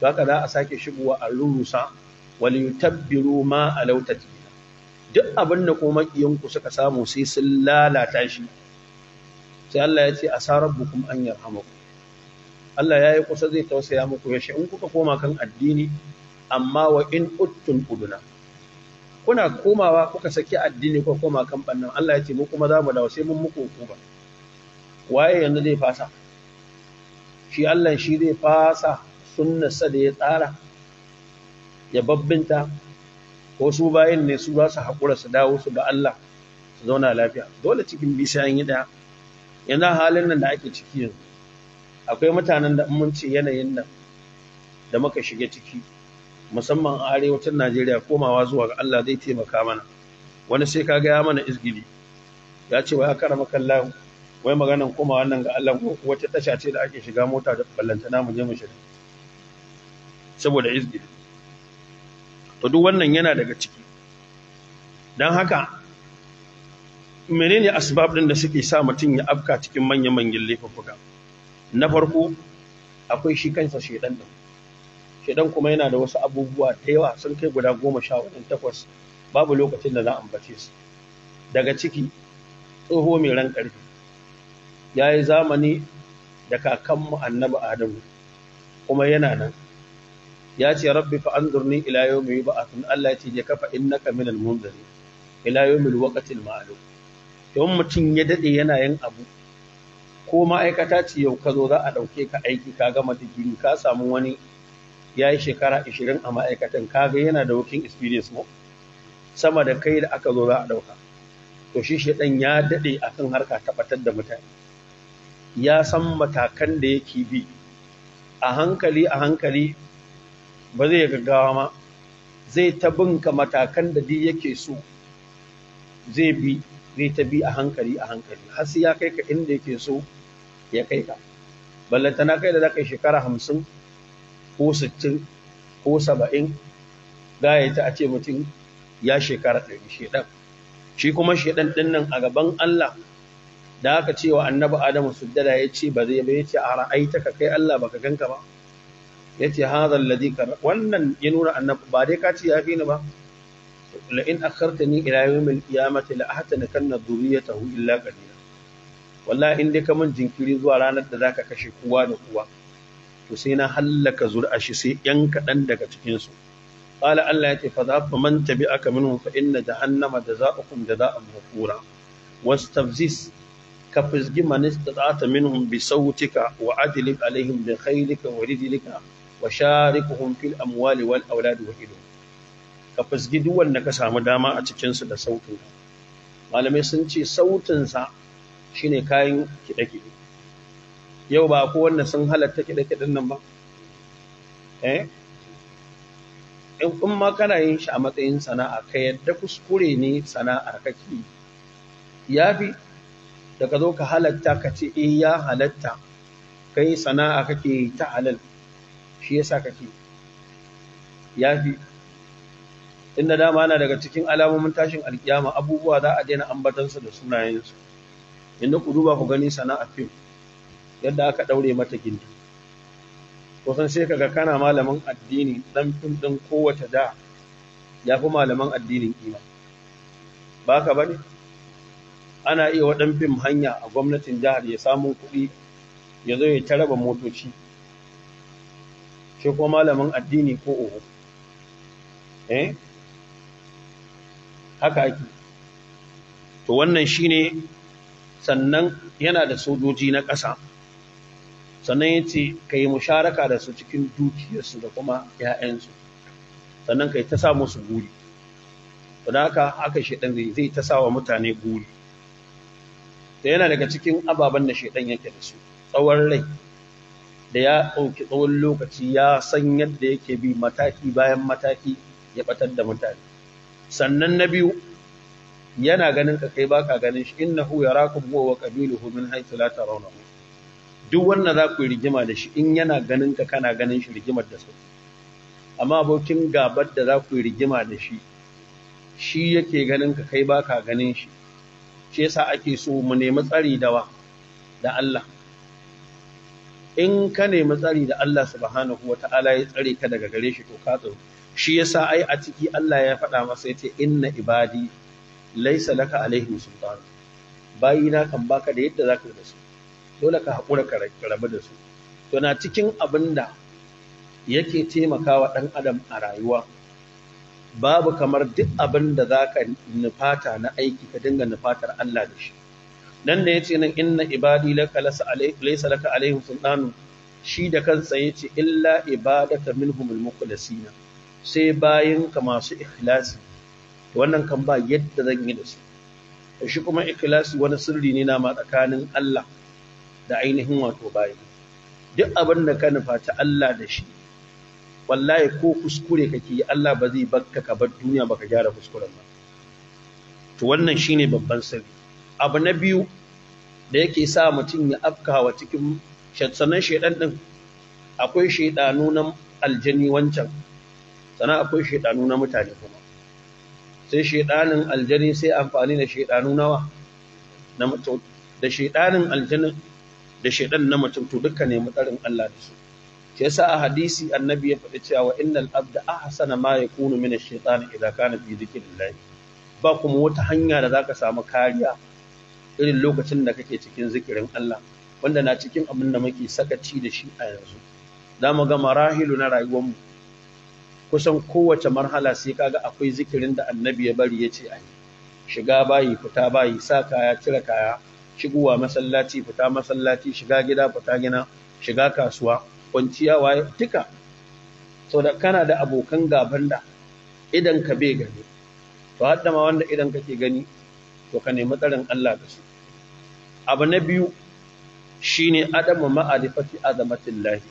to haka za a sake shigowa a rurrusa wal yutabbiru ma alaw tatbira duk abin da kuma ku suka samu sai sun lalata shi sai Allah ya ce asarabbukum an yarhamakum Allah ya yi kusa zai tausaya muku ya in kuka koma kan addini amma wa in uttun uduna kuna komawa kuka saki addini ko koma kamfan nan Allah ya ce mu kuma za mu dawo sai mun muku ba. waye yanzu zai fasa shi Allah shi zai fasa sa da ya tsara ya babbinta ko su bayin ne su za su haƙura su dawo su ga Allah su zauna lafiya dole cikin bishiyan yi ɗaya yana halin nan da ake ciki yanzu akwai mutanen da mun ce yanayin nan da muka shiga ciki musamman a arewacin Najeriya komawa zuwa ga Allah zai taimaka mana wani sai ka gaya mana izgili ya ce wai maka makallahu wai maganan komawa wannan ga Allah wata tasha ce da ake shiga mota da ballantana mu je mu shiga saboda izgili to duk wannan yana daga ciki dan haka menene asbab din da suke sa mutum ya afka cikin manyan manyan laifuffuka na farko akwai shi kansa shedan din shedan kuma yana da wasu abubuwa ta yawa sun kai guda goma sha wajen takwas babu lokacin da za a ambace su daga ciki tsoho mai ran ƙarfi ya yi zamani da kakanmu annabi adamu kuma yana nan ya ce rabbi fa anzurni ila yawmi yub'athun Allah ya ce je kafa innaka minal munzari ila mai waqtil ma'lum Yawan mutum ya dade yana yin abu ko ma'aikata ce yau ka zo za a ɗauke ka aiki ka gama digiri ka samu wani ya yi shekara 20 a ma'aikatan kaga yana da working experience mo sama da kai da aka zo za a ɗauka to shi ya daɗe akan harka tabbatar da mutane ya san matakan da yake bi a hankali a hankali ba zai gaggawa ma zai ta binka matakan da duk yake so zai bi zai ta bi a hankali a hankali har sai ya kai ka inda yake so ya kai ka tana kai da zaka shekara hamsin ko 60 ko saba'in gayata a ce mutum ya shekara ɗari shedan shi kuma shedan ɗin nan a gaban Allah da aka ce wa annabi adamu sujjada ya ce ba zai ba ya ce a ra'aita ka kai Allah baka ganka ba ya ce hadha alladhi kar wannan ya nuna annabi ba dai ka ce ya fi ni ba la in akhartani ila yawmil qiyamati la ahtanakanna dhurriyyatahu illa qalila wallahi in dai ka mun jinkiri zuwa ranar da zaka kashe kowa da kowa to sai na hallaka zuri'a shi sai yan kaɗan daga cikinsu qala Allah ce fa za fa man aka minhum fa inna jahannama jazaa'ukum jazaa'an mafura wastafziz ka fizgi man istata'ta minhum bi sautika wa adlib alaihim bi khaylika wa rijlika wa sharikuhum fil amwali wal auladi wa ido. ka fizgi duk wanda ka samu dama a cikinsu da sautin malamai sun ce sautinsa shine kayan kiɗe-kiɗe yau ba ko wannan sun halatta kiɗe-kiɗen nan ba eh in ma kana yin shi a matsayin sana'a ka yadda kuskure ne sana'ar kake ya fi da ka zo ka halatta ka ce eh ya halatta kai sana'a kake ta halal shi yasa kake ya fi inda dama ana daga cikin alamomin tashin alkiyama abubuwa za a daina ambatansa da sunayensu inda ku duba ku gani sana'a fim yadda aka daure mata gindi kusan sai kaga kana malamin addini dan fim din kowace da ya fi malaman addinin kima ba ka bane ana iya wa bin fim hanya a gwamnatin jihar ya samu kuɗi ya zo ya taraba motoci shi ko malamin addini ko oho eh haka ake to wannan shine sannan yana da sojoji na ƙasa sannan ya ce ka yi musharaka da su cikin dukiyarsu da kuma 'ya'yansu sannan ka yi ta sa musu guri to da haka haka shaidan zai zai ta wa mutane guri ta yana daga cikin ababen da shaidan yake da su tsawon rai da ya ɗauki tsawon lokaci ya san yadda yake bi mataki bayan mataki ya batar da mutane sannan na biyu yana ganin ka kai baka ganin shi innahu yarakum huwa wa qabiluhu min haythu la rauna duk wanda za ku yi rigima da shi in yana ganin ka kana ganin shi rigimar da sauki amma abokin gabar da za ku yi rigima da shi shi yake ganin ka kai baka ganin shi shi yasa ake so mu nemi tsari da da Allah in ka nemi tsari da Allah subhanahu wata'ala ya tsare ka daga gare shi to ka tsaro shi yasa ai a ciki Allah ya faɗa masa yace inna ibadi laysa laka alaihim sultan bayina kan baka da yadda zaka yi da su dole ka haƙura ka rabu da su to na cikin abin da yake taimakawa ɗan adam a rayuwa babu kamar duk abin da za ka nufata na aiki ka dinga nufatar Allah da shi nan da ya ce nan inna ibadi laka laysa laka alaihim sultanu shi da kan tsaye ce illa ibadaka minhum almuqlasina sai bayin ka masu ikhlasi wannan kan ba yadda zan yi da su shi kuma ikhlasi wani sirri ne na ma tsakanin Allah da ainihin wato bayi duk abin da ka nufa ta Allah da shi wallahi ko kuskure kake yi Allah ba zai bakka ka bar duniya baka gyara kuskuren ba to wannan shine babban sirri abu na biyu da yake sa mutum ya afkawa cikin sannan shaidan din akwai shaidanu na aljani wancan sannan akwai shaidanu na mutane kuma sai shaidanin aljani sai amfani da shaidanu nawa na da shaidanin aljanin da shaidan na mutum to duka nemi tsarin Allah da su Ke yasa a hadisi annabi ya faɗi cewa innal abda ahsana ma yakunu min ash-shaytan idza kana fi dhikrillah ba kuma wata hanya da zaka samu kariya irin lokacin da kake cikin zikirin Allah wanda na cikin abin da muke sakaci da shi a yanzu za mu ga marahilu na rayuwar mu. kusan kowace marhala sai kaga akwai zikirin da annabi ya bari ya ce a yi shiga bayi fita bayi sa kaya cire kaya shigowa masallaci fita masallaci shiga gida fita gina shiga kasuwa kwanciya waye duka sau da kana da abokan gaban da idan ka bai gani to hadda ma wanda idan kake gani to ka nemi tsarin Allah da su abu na biyu shine adamu ma'arifati azamatillahi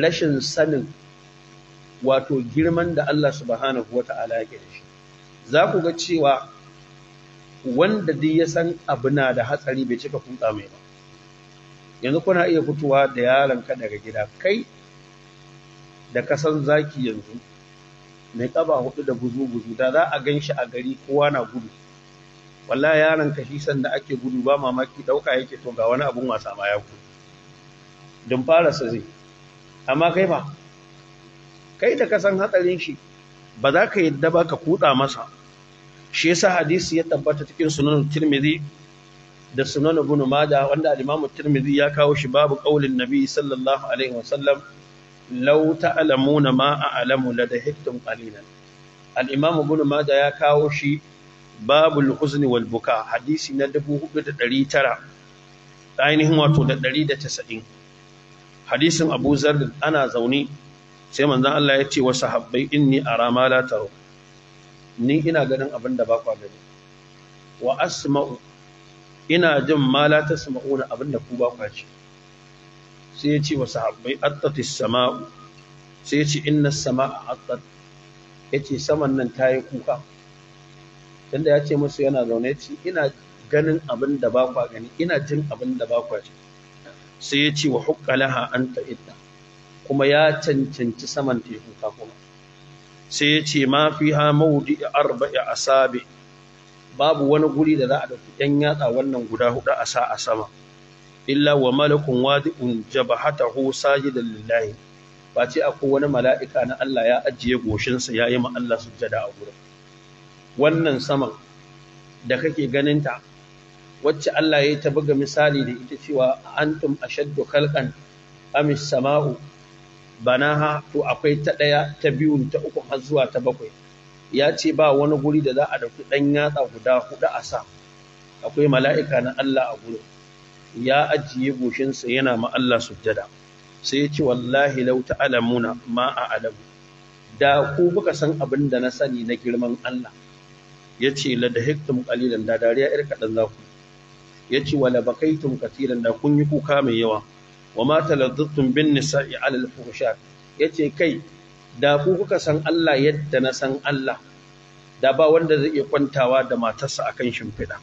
rashin sanin wato girman da Allah subhanahu wata'ala yake da shi za ku ga cewa wanda dai ya san abu na da hatsari bai cika kuɗa mai ba yanzu kuna iya fitowa da yaron ka daga gida kai da kasan zaki yanzu mai kaba hudu da guzu-guzu da za a gan a gari kowa na gudu wallahi yaron ka shi sanda ake gudu ba mamaki ɗauka yake to ga wani abun wasa ba ya gudu don fara sa zai amma kai ba kai da ka san hatsarin shi ba za ka yadda ba ka kutsa masa shi yasa hadisi ya tabbata cikin sunan tirmidhi da sunan ibn majah wanda al-imam tirmidhi ya kawo shi babu qaulin nabi sallallahu alaihi wasallam law ta'lamuna ma a'lamu ladahiktum qalilan al-imam ibn majah ya kawo shi babu al-huzn wal buka hadisi na 4900 ainihin wato da 190 hadisin abu zar ana zaune sai manzon Allah ya ce wa sahabbai inni arama la taru ni ina ganin abin da ba kwa gani wa asma'u ina jin ma la tasma'una abin da ku ba kwa ci sai ya ce wa sahabbai attati sama'u sai ya ce inna sama'a attat ya ce saman nan ta yi kuka tunda ya ce musu yana zaune ya ce ina ganin abin da ba kwa gani ina jin abin da ba kwa ci sai ya ce wa laha anta idda kuma ya cancanci saman teku kuka kuma sai ya ce ma fi ha maudi a asabe babu wani guri da za a ɗauki ɗan yatsa wannan guda hudu a sa a sama illa wa malakun wadi'un jabahatahu da lillahi ba ce akwai wani mala'ika na Allah ya ajiye goshinsa ya yi ma Allah jada a wurin. wannan saman da kake ganinta wacce Allah ya yi ta buga misali da ita cewa antum ashaddu kalkan amis sama'u banaha to akwai ta ɗaya ta biyu ta uku har zuwa ta bakwai ya ce ba wani guri da za a ɗauki ɗan yatsa guda huɗu a sa akwai mala'ika na Allah a gurin ya ajiye goshinsa yana ma Allah sujjada sai ya ce wallahi lau ta'alamuna ma a alamu da ku kuka san abin da na sani na girman Allah ya ce la da hiktum da dariya irka kaɗan za ku ya ce wala bakaitum katiran da kun yi kuka mai yawa wa ma taladdutun bin nisa'i ala yace kai da ku kuka san Allah yadda na san Allah da ba wanda zai iya kwantawa da matarsa akan shimfiɗa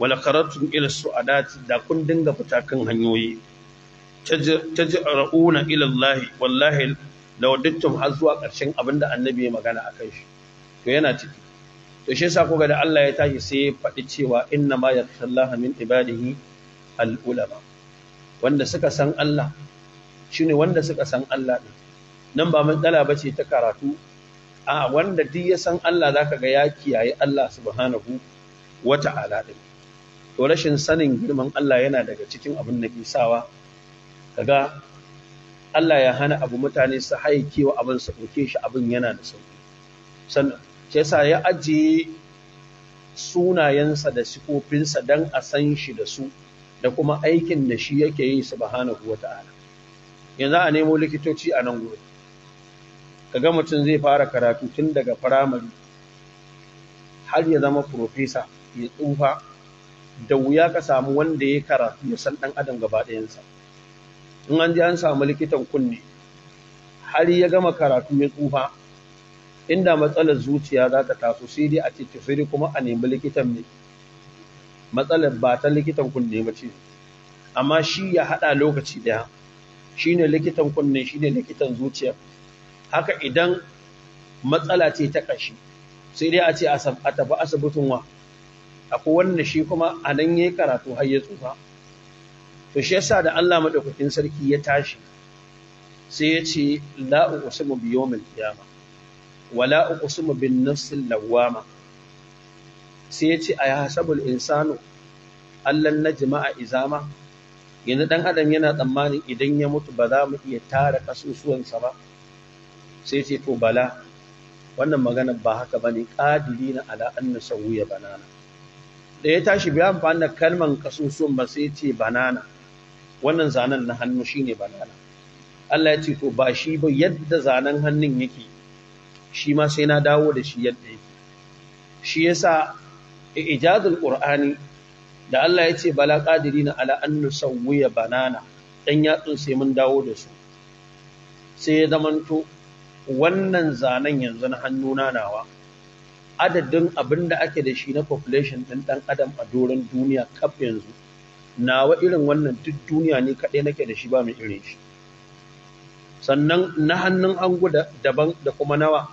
wala qaratun ila su'adat da kun dinga fita kan hanyoyi tajra'una ila Allah wallahi law dittum har zuwa ƙarshen abinda annabi ya magana akan shi to yana ciki to shi yasa kuga da Allah ya tashi sai ya faɗi cewa inna ma yakhshallaha min ibadihi al-ulama wanda suka san Allah shine wanda suka san Allah din nan ba matsala bace ta karatu a wanda duk ya san Allah zaka ga ya kiyaye Allah subhanahu wata'ala din to rashin sanin girman Allah yana daga cikin abin da ke sawa kaga Allah ya hana abu mutane su haikewa abin su ɗauke shi abin yana da sauki sannan shi yasa ya ajiye sunayensa da sikofinsa don a san shi da su da kuma aikin da shi yake yi subhanahu wata'ala yanzu a nemo likitoci a nan gobe kaga mutum zai fara karatu tun daga firamare har ya zama profesa ya tsufa da wuya ka samu wanda ya karatu ya san dan adam gaba ɗayansa in an ji an samu likitan kunne har ya gama karatu ya tsufa inda matsalar zuciya za ta taso sai dai a ce kuma a nemi likitan mai matsalar ba ta likitan kunne ba ce amma shi ya haɗa lokaci ɗaya shi ne likitan kunne shi ne likitan zuciya haka idan matsala ce ta ƙashi sai dai a ce a tafi asibitin wa akwai wannan shi kuma a nan ya karatu har ya tsufa to shi yasa da Allah madaukakin sarki ya tashi sai ya ce la'u uqsimu bi yawmil qiyama wa la uqsimu bin nafsil lawama sai ya ce a ya hasabul insanu allan na jima'a izama yanzu dan adam yana tsammanin idan ya mutu ba za mu iya tara kasusuwansa ba sai ce to bala wannan magana ba haka bane qadiri na ala an nasawiya banana da ya tashi bai amfani da kalman kasusuwan ba sai ce banana wannan zanen na hannu shine banana Allah ya ce to ba shi ba yadda zanen hannun yake shi ma sai na dawo da shi yadda yake shi yasa ijazul qur'ani da Allah ya ce bala qadirina ala an nusawwiya banana dan yatsun sai mun dawo da su sai ya zamanto wannan zanen yanzu na hannuna nawa adadin abin da ake da shi na population ɗin ɗan adam a doron duniya kaf yanzu nawa irin wannan duk duniya ne kaɗai nake da shi ba mai irin shi sannan na hannun guda daban da kuma nawa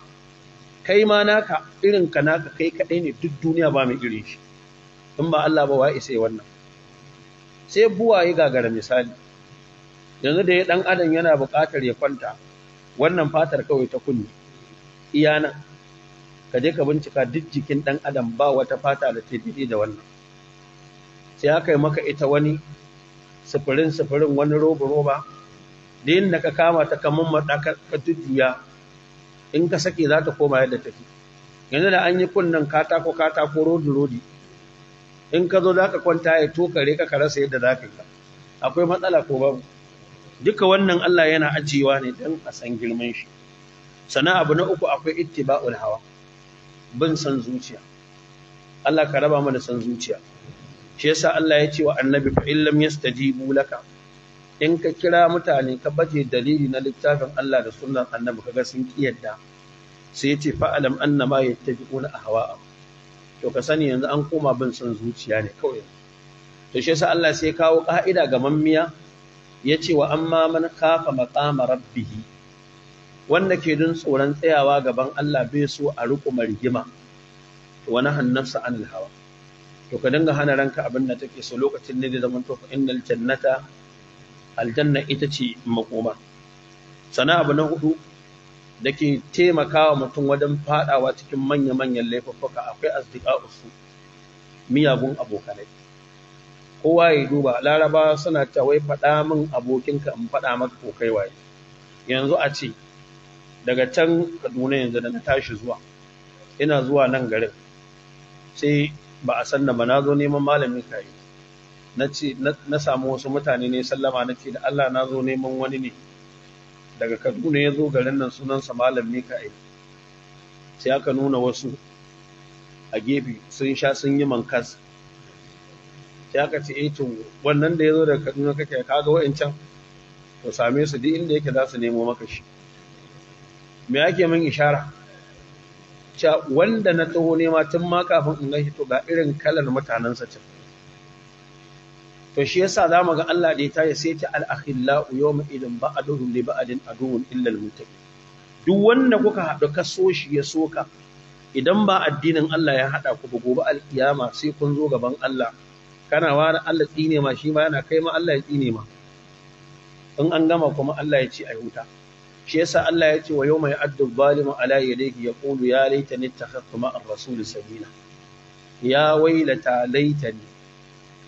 kai ma naka irin ka naka kai kaɗai ne duk duniya ba mai irin shi in ba Allah ba wa isa wannan sai buwa ya gagara misali yanzu da ya ɗan adam yana buƙatar ya kwanta wannan fatar kawai ta kunne Iyana, ka je ka bincika duk jikin ɗan adam ba wata fata da ta daidai da wannan sai aka yi maka ita wani sufurin sufurin wani roba roba da yin ka kama ta kamar maɗa ka jujjuya in ka sake za ta koma yadda tafi. yanzu da an yi kunnen katako katako rodi rodi in ka zo za ka kwanta ya tokare ka rasa yadda za ka yi akwai matsala ko babu duka wannan Allah yana ajiyewa ne don a san girman shi sana abu na uku akwai ittiba'ul hawa bin san zuciya Allah ka raba mana san zuciya shi yasa Allah ya ce wa annabi fa illam yastajibu laka in ka kira mutane ka baje dalili na littafin Allah da sunnan annabi kaga sun kiyarda sai ya ce fa'alam annama yattabi'una ahwa'a to ka sani yanzu an koma bin son zuciya ne kawai to shi yasa Allah sai ya kawo ka'ida ga mammiya ce wa amma man kafa maqama rabbihi wanda ke dun tsoron tsayawa gaban Allah bai so a riko marigima wani hannarsa an hawa to ka dinga hana ranka abin da take so lokacin ne da zaman to innal jannata aljanna ita ce makoma sana abu na hudu da ke taimakawa mutum wajen fadawa cikin manya-manyan laifuffuka akwai asdiqa'usu miyagun abokanai kowa ya duba laraba suna wai faɗa min abokinka in faɗa maka ko waye yanzu a ce daga can kaduna yanzu da na tashi zuwa ina zuwa nan garin sai ba a san da ba na zo neman malamin kayi na samu wasu mutane ne sallama na ce da Allah na zo neman wani ne daga Kaduna ya zo garin nan sunansa Malam Mika'il sai aka nuna wasu a gefe sun sha sun yi mankas sai aka ce eh to wannan da ya zo daga Kaduna kake kaga wa'ancan to same su duk inda yake za su nemo maka shi me yake min ishara cewa wanda na taho nema tun ma kafin in shi to ga irin kalar mutanensa can to shi yasa za mu ga Allah da ta ya saita al-akhillau yawma idin ba'aduhum li ba'adin aduwwun illa al-muttaqin duk wanda kuka haɗu ka so shi ya soka idan ba addinin Allah ya haɗa ku ba gobe alkiyama sai kun zo gaban Allah kana wani Allah tsine ma shi ma yana kai ma Allah ya tsine ma in an gama kuma Allah ya ce ai huta shi yasa Allah ya ce wa yau mai addu zalimu ala ya yaqulu ya laitani ta ma ar-rasul sabila ya wailata ni.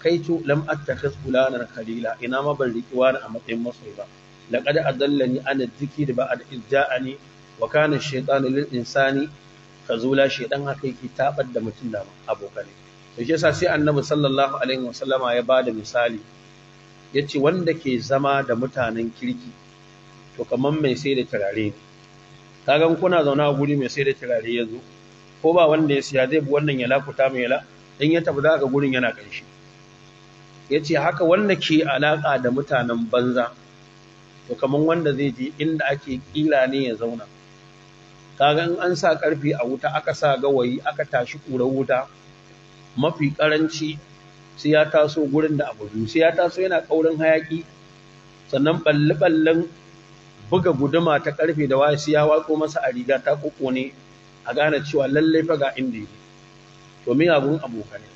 kaitu lam attakhiz fulanan khalila ina ma ban riki wani a matsayin masoyi ba laqad adallani an dhikri ba'd izja'ani wa kana ash-shaytanu lil insani kazula shaytan haka yake tabar da mutum da abokane to shi yasa sai annabi sallallahu alaihi wasallama ya bada misali yace wanda ke zama da mutanen kirki to kaman mai sai da turare ne kagan kuna zauna a guri mai sai da turare ya zo ko ba wanda ya siya zai bi wannan ya lakuta mai la in ya tafi za ga gurin yana kanshi ya ce haka wanda ke alaƙa da mutanen banza to kamar wanda zai je inda ake ƙila ne ya zauna kaga in an sa ƙarfe a wuta aka sa gawayi aka tashi ƙura wuta mafi ƙaranci sai ya taso gurin da abu biyu sai ya taso yana ƙaurin hayaƙi sannan ɓalle-ɓallen buga guduma ta ƙarfe da sai ya waƙo masa a riga ta ƙoƙo ne a gane cewa lallai fa ga inda yake to miyagun abokanai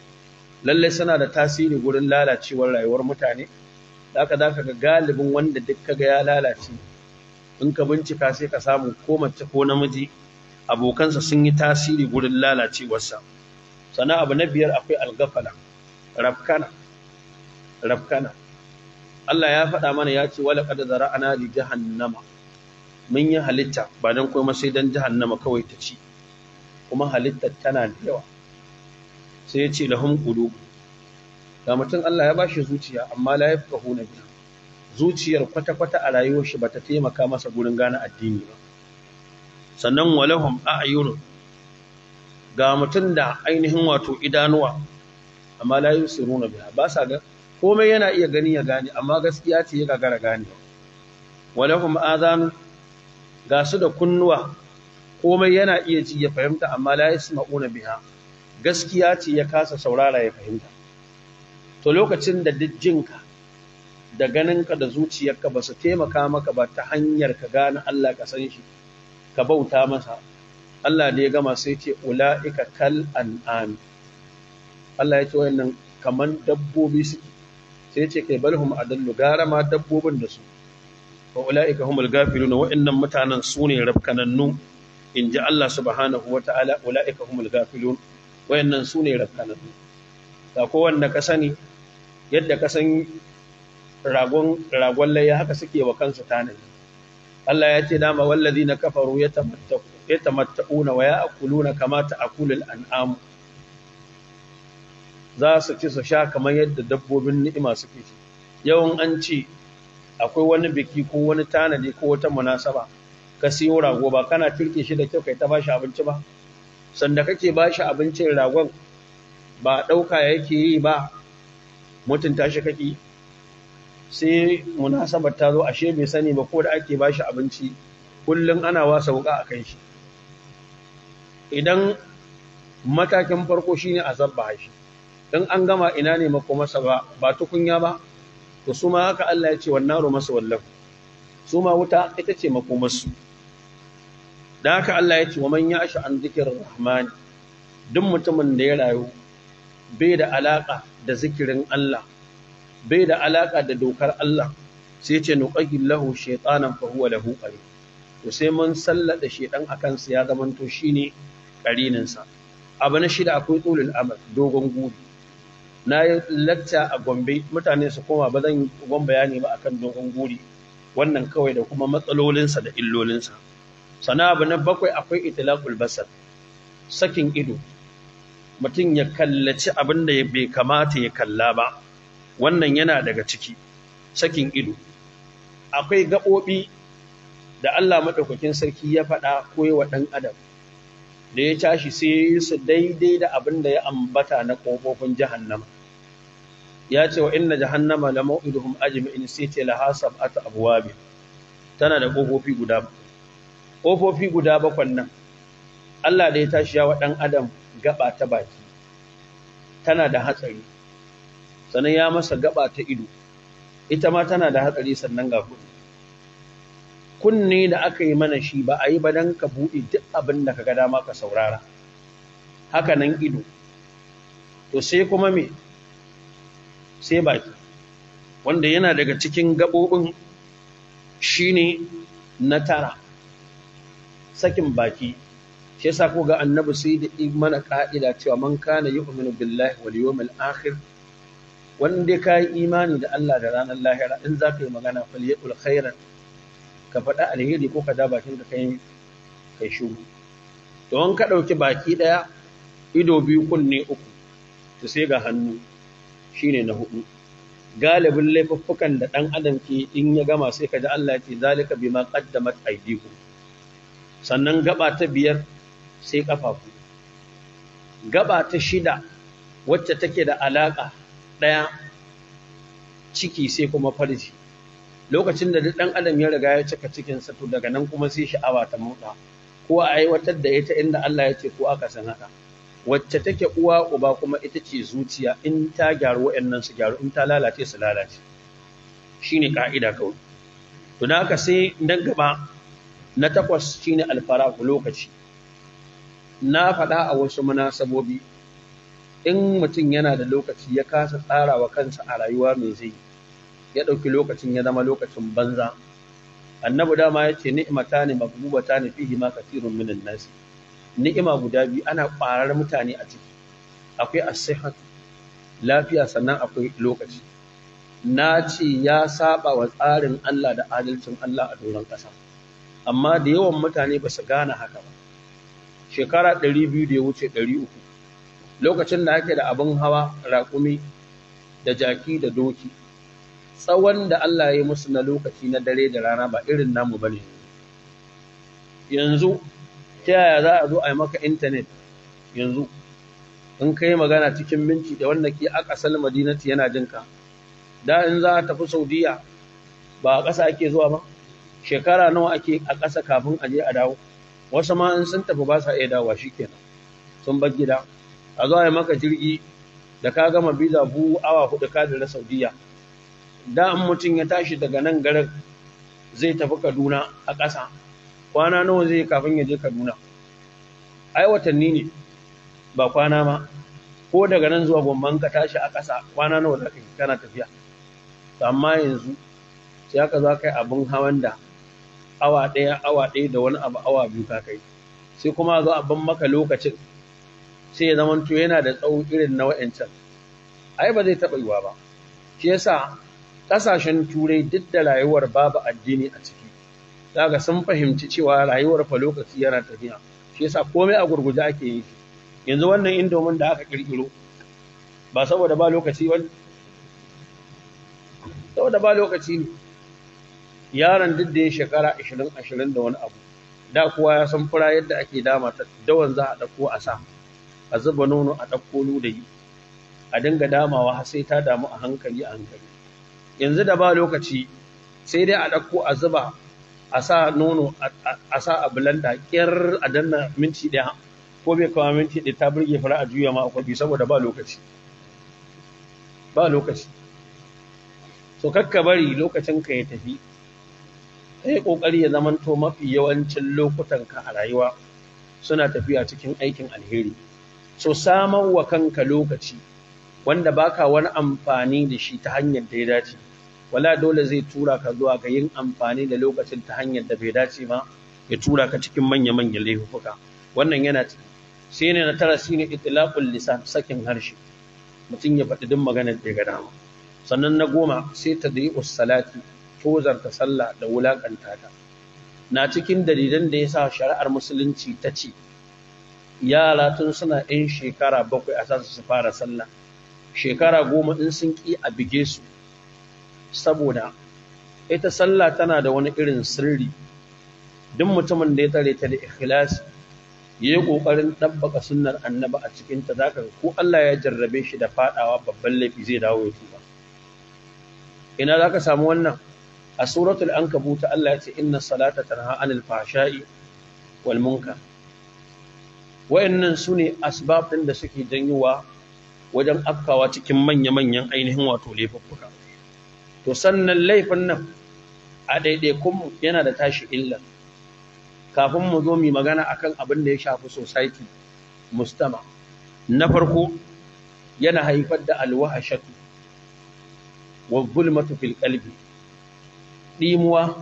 lallai suna da tasiri gurin lalacewar rayuwar mutane da aka zaka ga galibin wanda duk kaga ya lalace in ka bincika sai ka samu ko mace ko namiji abokansa sun yi tasiri gurin lalacewarsa sannan abu na biyar akwai algafala rafkana rafkana Allah ya faɗa mana ya ce wala qad ana li jahannama mun yi halitta ba dan komai sai dan jahannama kawai ta ci kuma halitta tana da yawa sai ya ce lahum qulub ga mutum Allah ya bashi zuciya amma la na biya. zuciyar kwata-kwata a rayuwar shi bata taimaka masa gurin gane addini ba sannan walahum a'yunun ga mutum da ainihin wato idanuwa amma la yusiruna biya ba sa ga komai yana iya gani ya gane amma gaskiya ce ya gagara gane walahum azanu ga su da kunnuwa komai yana iya ji ya fahimta amma la yasma'una biha gaskiya ce ya kasa saurara ya fahimta to lokacin da duk jinka da ganinka da zuciyarka ba su taimaka maka ba ta hanyar ka gane Allah ka san shi ka bauta masa Allah da ya gama sai ce ula'ika kal an'ami Allah ya ce wayannan kaman dabbobi suke sai ce kai balhum adallu gara ma dabbobin da su wa ula'ika humul gafiluna wayannan mutanen su ne rafkanannu in ji Allah subhanahu wa ta'ala ula'ika humul gafilun wayannan su ne rafkanan ga wanda ka sani yadda ka san ragon ragon laye haka suke wa kansu tanadi Allah ya ce dama wallazina kafaru yatamatta'una wa ya'kuluna kama ta'kulul an'am za su ci su sha kamar yadda dabbobin ni'ima suke ci yawan an ci akwai wani biki ko wani tanadi ko wata munasaba ka siyo rago ba kana tilke shi da kyau kai ta bashi abinci ba sanda kake ba shi abincin ragon ba ɗauka yake yi ba mutunta shi kake sai munasabar ta zo ashe bai sani ba ko da ake ba shi abinci kullum ana wasa wuka a kan shi idan matakin farko shine a zabba shi in an gama ina ne masa ba ba tukunya ba to su ma haka Allah ya ce wannan masu wallahu su ma wuta ita ce makomarsu da haka Allah ya ce wa man ya'shu an dhikrir rahman duk mutumin da ya rayu bai da alaka da zikirin Allah bai da alaka da dokar Allah sai ya ce nuqayyillahu shaytanan fa huwa lahu qarin to sai mun sallada shaytan akan sa ya to shine karinin sa abu na shida akwai tsulul amal dogon gudu na yi lacca a Gombe mutane su koma ba zan gon bayani ba akan dogon guri wannan kawai da kuma matsalolinsa da illolinsa sana abu na bakwai akwai itilaqul basar sakin ido mutum ya kallaci abin da bai kamata ya kalla ba wannan yana daga ciki sakin ido akwai gaɓoɓi da Allah maɗaukakin sarki ya faɗa ko wa ɗan adam da ya tashi sai yi su daidai da abin da ya ambata na ƙofofin jahannama ya ce wa inna jahannama la mau'iduhum ajma'in sai ce laha abuwa abwabi tana da ƙofofi guda ƙofofi guda bakwan nan Allah da ya tashi ya ɗan adam gaba ta baki tana da hatsari sannan ya masa gaba ta ido ita ma tana da hatsari sannan ga kudu kunne da aka yi mana shi ba a yi ba don ka buɗe duk abin da ka ga dama ka saurara haka nan ido to sai kuma me sai baki wanda yana daga cikin gaɓoɓin shine na tara sakin baki shi yasa ko ga annabi sai da mana ka'ida cewa man kana yu'minu billahi wal yawmil akhir wanda ka yi imani da Allah da ranar lahira in za ka yi magana fal yaqul khairan ka faɗa alheri ko ka da bakin ka kai kai shuru to an ka dauki baki daya ido biyu kunne uku to sai ga hannu shine na hudu galibin laifuffukan da ɗan adam ke in ya gama sai ka ji Allah ya ce zalika bima qaddamat aydikum sannan gaba ta biyar sai kafafu. gaba ta shida wacce take da alaƙa ɗaya ciki sai kuma farji lokacin da ɗan adam ya riga ya cika cikinsa to daga nan kuma sai sha'awa ta motsa ko a aiwatar da ita inda Allah ya ce ko aka san haka wacce take uwa uba kuma ita ce zuciya in ta gyaru waɗannan su gyaru in ta lalace su lalace shine ka'ida kawai to da haka sai dan gaba na takwas shine alfarahu lokaci na faɗa a wasu munasabobi in mutum yana da lokaci ya kasa tsara wa kansa a rayuwa mai zai ya ɗauki lokacin ya zama lokacin banza annabi dama ya ce ni'imata ne ta ne fihi ma minan nasi. ni'ima guda biyu ana ƙwarar mutane a ciki akwai as-sihat lafiya sannan akwai lokaci na ce ya saba wa tsarin Allah da adalcin Allah a doron ƙasa amma da yawan mutane ba su gane haka ba shekara 200 da ya wuce 300 lokacin da ake da abin hawa raƙumi da jaki da doki tsawon da Allah ya musu na lokaci na dare da rana ba irin namu ba ne yanzu ta yaya za a zo a yi maka intanet yanzu in ka yi magana cikin minti da wanda ke a ƙasar madinati yana jinka da in za a tafi saudiya ba a ƙasa ake zuwa ba shekara nawa ake a ƙasa kafin a je a dawo wasu ma in sun tafi ba sa iya dawowa shikenan sun bar gida a zo maka jirgi da ka gama biza bu awa hudu ka da saudiya da an mutum ya tashi daga nan garin zai tafi kaduna a ƙasa kwana nawa zai kafin ya je kaduna ai watanni ne ba kwana ma ko daga nan zuwa gomman ka tashi a ƙasa kwana nawa za ka kana tafiya amma yanzu sai aka zo kai yi abin hawan da awa ɗaya awa ɗaya da wani abu awa biyu ka kai sai kuma zo a ban maka lokacin sai ya zama to yana da tsawo irin na wa'ancan ai ba zai taɓa yiwa ba shi yasa ƙasashen turai duk da rayuwar babu addini a ciki daga sun fahimci cewa rayuwar fa lokaci yana tafiya shi yasa komai a gurguje ake yi yanzu wannan indomin da aka kirkiro ba saboda ba lokaci wani saboda ba lokaci ne yaron duk da ya shekara ashirin ashirin da wani abu da kuwa ya san fura yadda ake dama ta dawan za a ɗauko a sa a zuba nono a ɗauko yi a dinga damawa har sai ta damu a hankali a hankali yanzu da ba lokaci sai dai a ɗauko a zuba a sa nono a sa a bulanda ƙyar a danna minti ɗaya ko bai kawo minti ɗaya ta burge fara a juya ma akwai saboda ba lokaci ba lokaci so kakka bari lokacin ka ya tafi yi ƙoƙari ya zamanto mafi yawancin lokutan ka a rayuwa suna tafiya cikin aikin alheri so samar wa kanka lokaci wanda baka wani amfani da shi ta hanyar da ya dace wala dole zai tura ka zuwa ga yin amfani da lokacin ta hanyar da bai dace ba ya tura ka cikin manya-manyan laifuka wannan yana ci, sai ne na tara shi ne itlaqul lisan sakin harshe mutum ya faɗi duk maganar da ya ga dama sannan na goma sai tadri'us salati tozarta sallah da wulaƙanta ta na cikin dalilan da ya sa shari'ar musulunci ta ce yara tun suna 'yan shekara bakwai a sasu su fara sallah shekara goma in sun ƙi a bige su saboda ita sallah tana da wani irin sirri duk mutumin da ya tsare ta da ikhlasi ya yi ƙoƙarin ɗabbaka sunnar annaba a cikinta za ka ko Allah ya jarrabe shi da faɗawa babban laifi zai dawo ya tuba ina za ka samu wannan a suratul buta Allah ya ce inna salata tanha anil fahsha'i wal munkar wayannan sune asbab ɗin da suke janyowa wajen afkawa cikin manya-manyan ainihin wato laifuffuka to sannan laifin nan a ɗaiɗaikunmu yana da tashi illa kafin mu zo mu magana akan abin da ya shafi society mustama na farko yana haifar da alwahashatu wa zulmatu fil qalbi ɗimuwa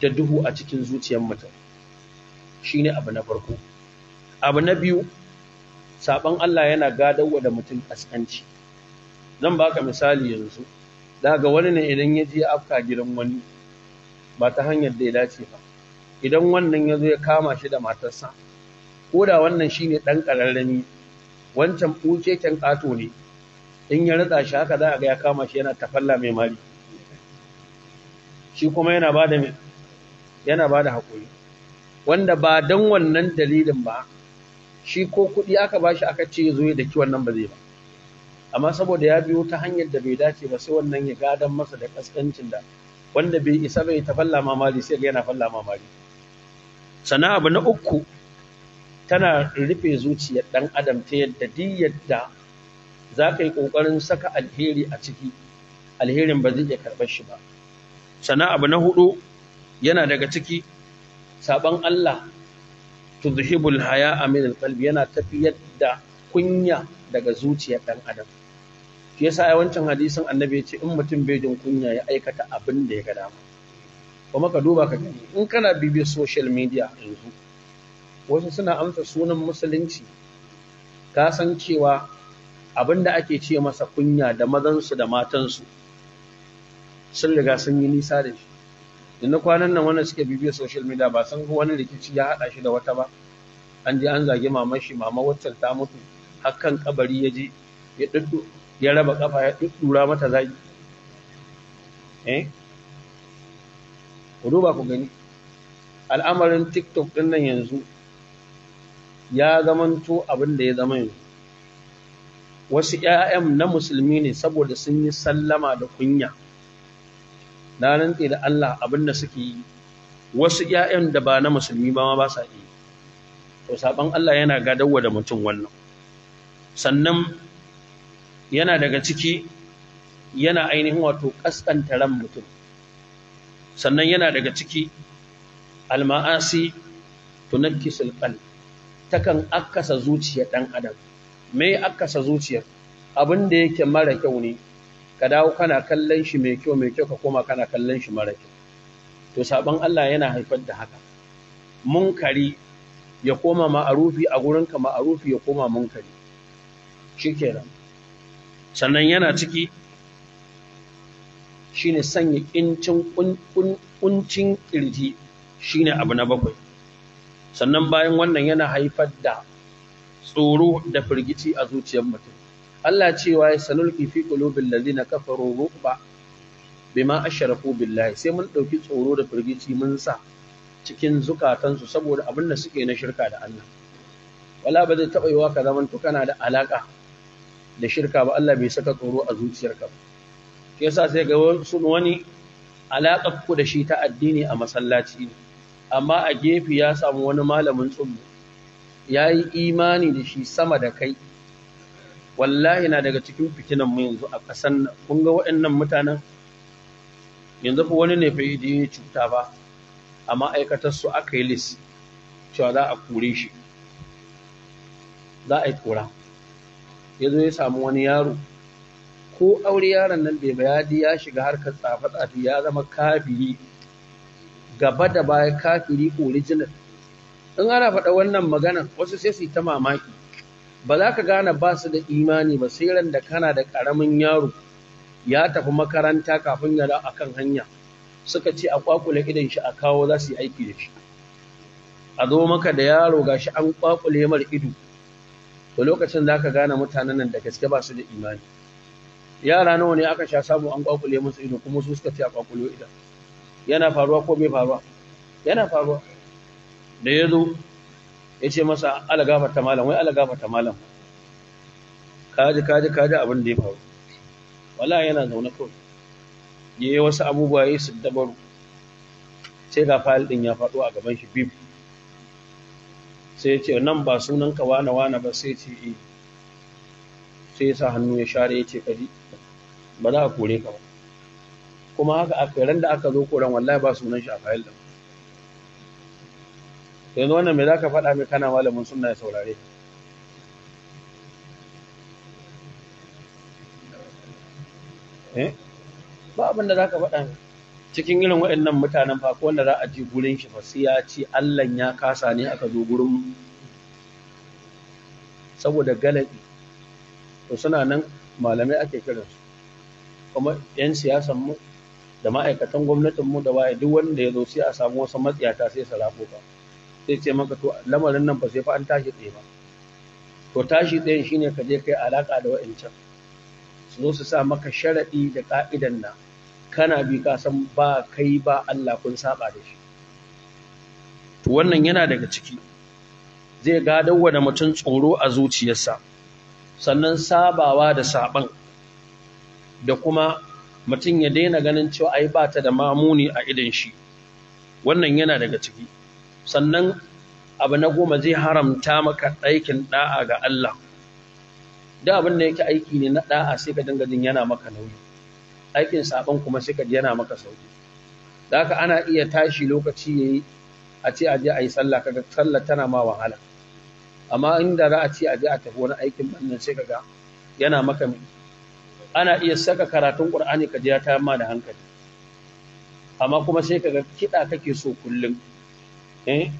da duhu a cikin zuciyar mutum shi ne abu na farko abu na biyu saɓon Allah yana gadawa da mutum ƙasƙanci zan baka misali yanzu daga wani ne idan ya je afka gidan wani ba ta hanyar da ya dace ba idan wannan yazo ya kama shi da matarsa ko da wannan shine ne ɗan ƙararrami wancan kan ƙato ne in ya ratsa shi haka za a ga ya kama shi yana tafalla mai mari shi kuma yana bada da yana da hakuri wanda ba dan wannan dalilin ba shi ko kuɗi aka ba shi aka ce zo ya daki wannan ba zai ba amma saboda ya biyo ta hanyar da bai dace ba sai wannan ya gadan masa da kaskancin da wanda bai isa bai ta falla mamari sai yana falla mamari sannan abu na uku tana rufe zuciyar ɗan adam ta yadda duk yadda za ka yi ƙoƙarin saka alheri a ciki alherin ba zai iya karɓar shi ba sannan abu na hudu yana daga ciki saban Allah tuzhibul haya min alqalbi yana tafiyar da kunya daga zuciyar dan adam shi yasa yawancin wancan hadisin annabi ya ce in mutum bai jin kunya ya aikata abin da ya ga dama kuma ka duba ka gani in kana bibiyar social media yanzu wasu suna amsa sunan musulunci ka san cewa abin da ake ce masa kunya da mazansu da matansu sun riga sun yi nisa da shi inda kwanan nan wanda suke bibiyar social media ba san wani rikici ya haɗa shi da wata ba an je an zage maman shi mama waccan ta mutu hakan kabari ya je ya duddu ya raba kafa ya duddura mata zagi eh ku duba ku gani al'amarin tiktok din nan yanzu ya zamanto abin da ya zama yanzu wasu 'ya'yan na musulmi ne saboda sun yi sallama da kunya na rantse da Allah abin da suke yi wasu ƴaƴan da ba na musulmi ba ma ba sa yi to saban Allah yana gadawa da mutum wannan sannan yana daga ciki yana ainihin wato kaskanta ran mutum sannan yana daga ciki alma'asi tunakkisul qalb takan akasa zuciyar dan adam me akkasa zuciyar abin da yake mara kyau ne ka dawo kana kallon shi mai kyau mai kyau ka koma kana kallon shi mara kyau to sabon Allah yana haifar da haka munkari ya koma ma'arufi a gurinka ma'arufi ya koma munkari shikenan sannan yana ciki shine sanya kincin kuncin kirji shine abu na bakwai sannan bayan wannan yana haifar da tsoro da firgici a zuciyar mutum Allah cewa ya sanulki fi qulubil ladina kafaru ruqba bima ashraku billahi sai mun ɗauki tsoro da firgici mun sa cikin zukatansu saboda abin da suke na shirka da Allah wala ba zai taba yiwa ka zaman to kana da alaka da shirka ba Allah bai saka tsoro a zuciyarka ba shi yasa sai ga wani alaƙar ku da shi ta addini a masallaci ne amma a gefe ya samu wani malamin tsumbu ya yi imani da shi sama da kai wallahi na daga cikin fitinan mu yanzu a ƙasan nan kun ga waɗannan mutanen yanzu fa wani ne fa yi cuta ba a ma'aikatar su aka yi lis cewa za a kore shi za a yi kora ya zo ya samu wani yaro ko aure yaron nan bai bayadi ya shiga harkar tsafe-tsafe ya zama kafiri gaba da baya kafiri original in ana faɗa wannan magana wasu sai su yi ta mamaki ba za ka gane ba su da imani ba sai ran da kana da ƙaramin yaro ya tafi makaranta kafin ya da akan hanya suka ce a kwakule idan shi a kawo za su yi aiki da shi a zo maka da yaro gashi an kwakule mar ido to lokacin za ka gane mutanen nan da gaske ba su da imani yara nawa ne aka sha samu an kwakule musu ido kuma su suka ce a kwakule idan yana faruwa ko bai faruwa yana faruwa da ya zo ya ce masa alagafa ta malam wai alagafa ta malam kaji kaji kaji abin da ya faru wala yana zaune ko ya yi wasu abubuwa ya yi su dabaru sai ga fayil ɗin ya faɗo a gaban shi bibu sai ya ce nan ba sunan ka wane wane ba sai ce yi. Eh. sai ya sa hannu ya share ya ce kaji ba za a kore ka ba kuma haka a ran da aka zo koren wallahi ba sunan shi a fayil ɗin yanzu wannan me za ka faɗa mai kana malamin suna ya saurare eh? ba abin da za ka faɗa cikin irin waɗannan mutanen fa ko wanda za a ji gurin shi fasi ya ci, Allah ya kasa ne aka zo gurin mu saboda galabi to suna nan malamai ake kiransu kuma 'yan siyasan mu da ma'aikatan gwamnatin mu da waye duk wanda ya zo sai a samu wasu matsiyata sai su rafo sai ce maka to lamarin nan ba sai fa an tashi tsaye ba to tashi tsayen shine ka je kai alaka da wa'ancan su zo su sa maka sharadi da ka'idan nan kana bi ka san ba kai ba Allah kun saba da shi to wannan yana daga ciki zai gadawa da mutum tsoro a zuciyarsa sannan sabawa da saban da kuma mutum ya daina ganin cewa ai ba ta da mamuni a idan shi wannan yana daga ciki sannan abu na goma zai haramta maka aikin da'a ga Allah da abin da yake aiki ne na da'a sai ka dinga jin yana maka nauyi aikin saban kuma sai ka ji yana maka sauki da haka ana iya tashi lokaci yayi a ce a je a yi sallah kaga sallah tana ma wahala amma inda za a ce a je a tafi wani aikin bannan sai kaga yana maka ana iya saka karatun Qur'ani ka je ta ma da hankali amma kuma sai kaga kida kake so kullum eh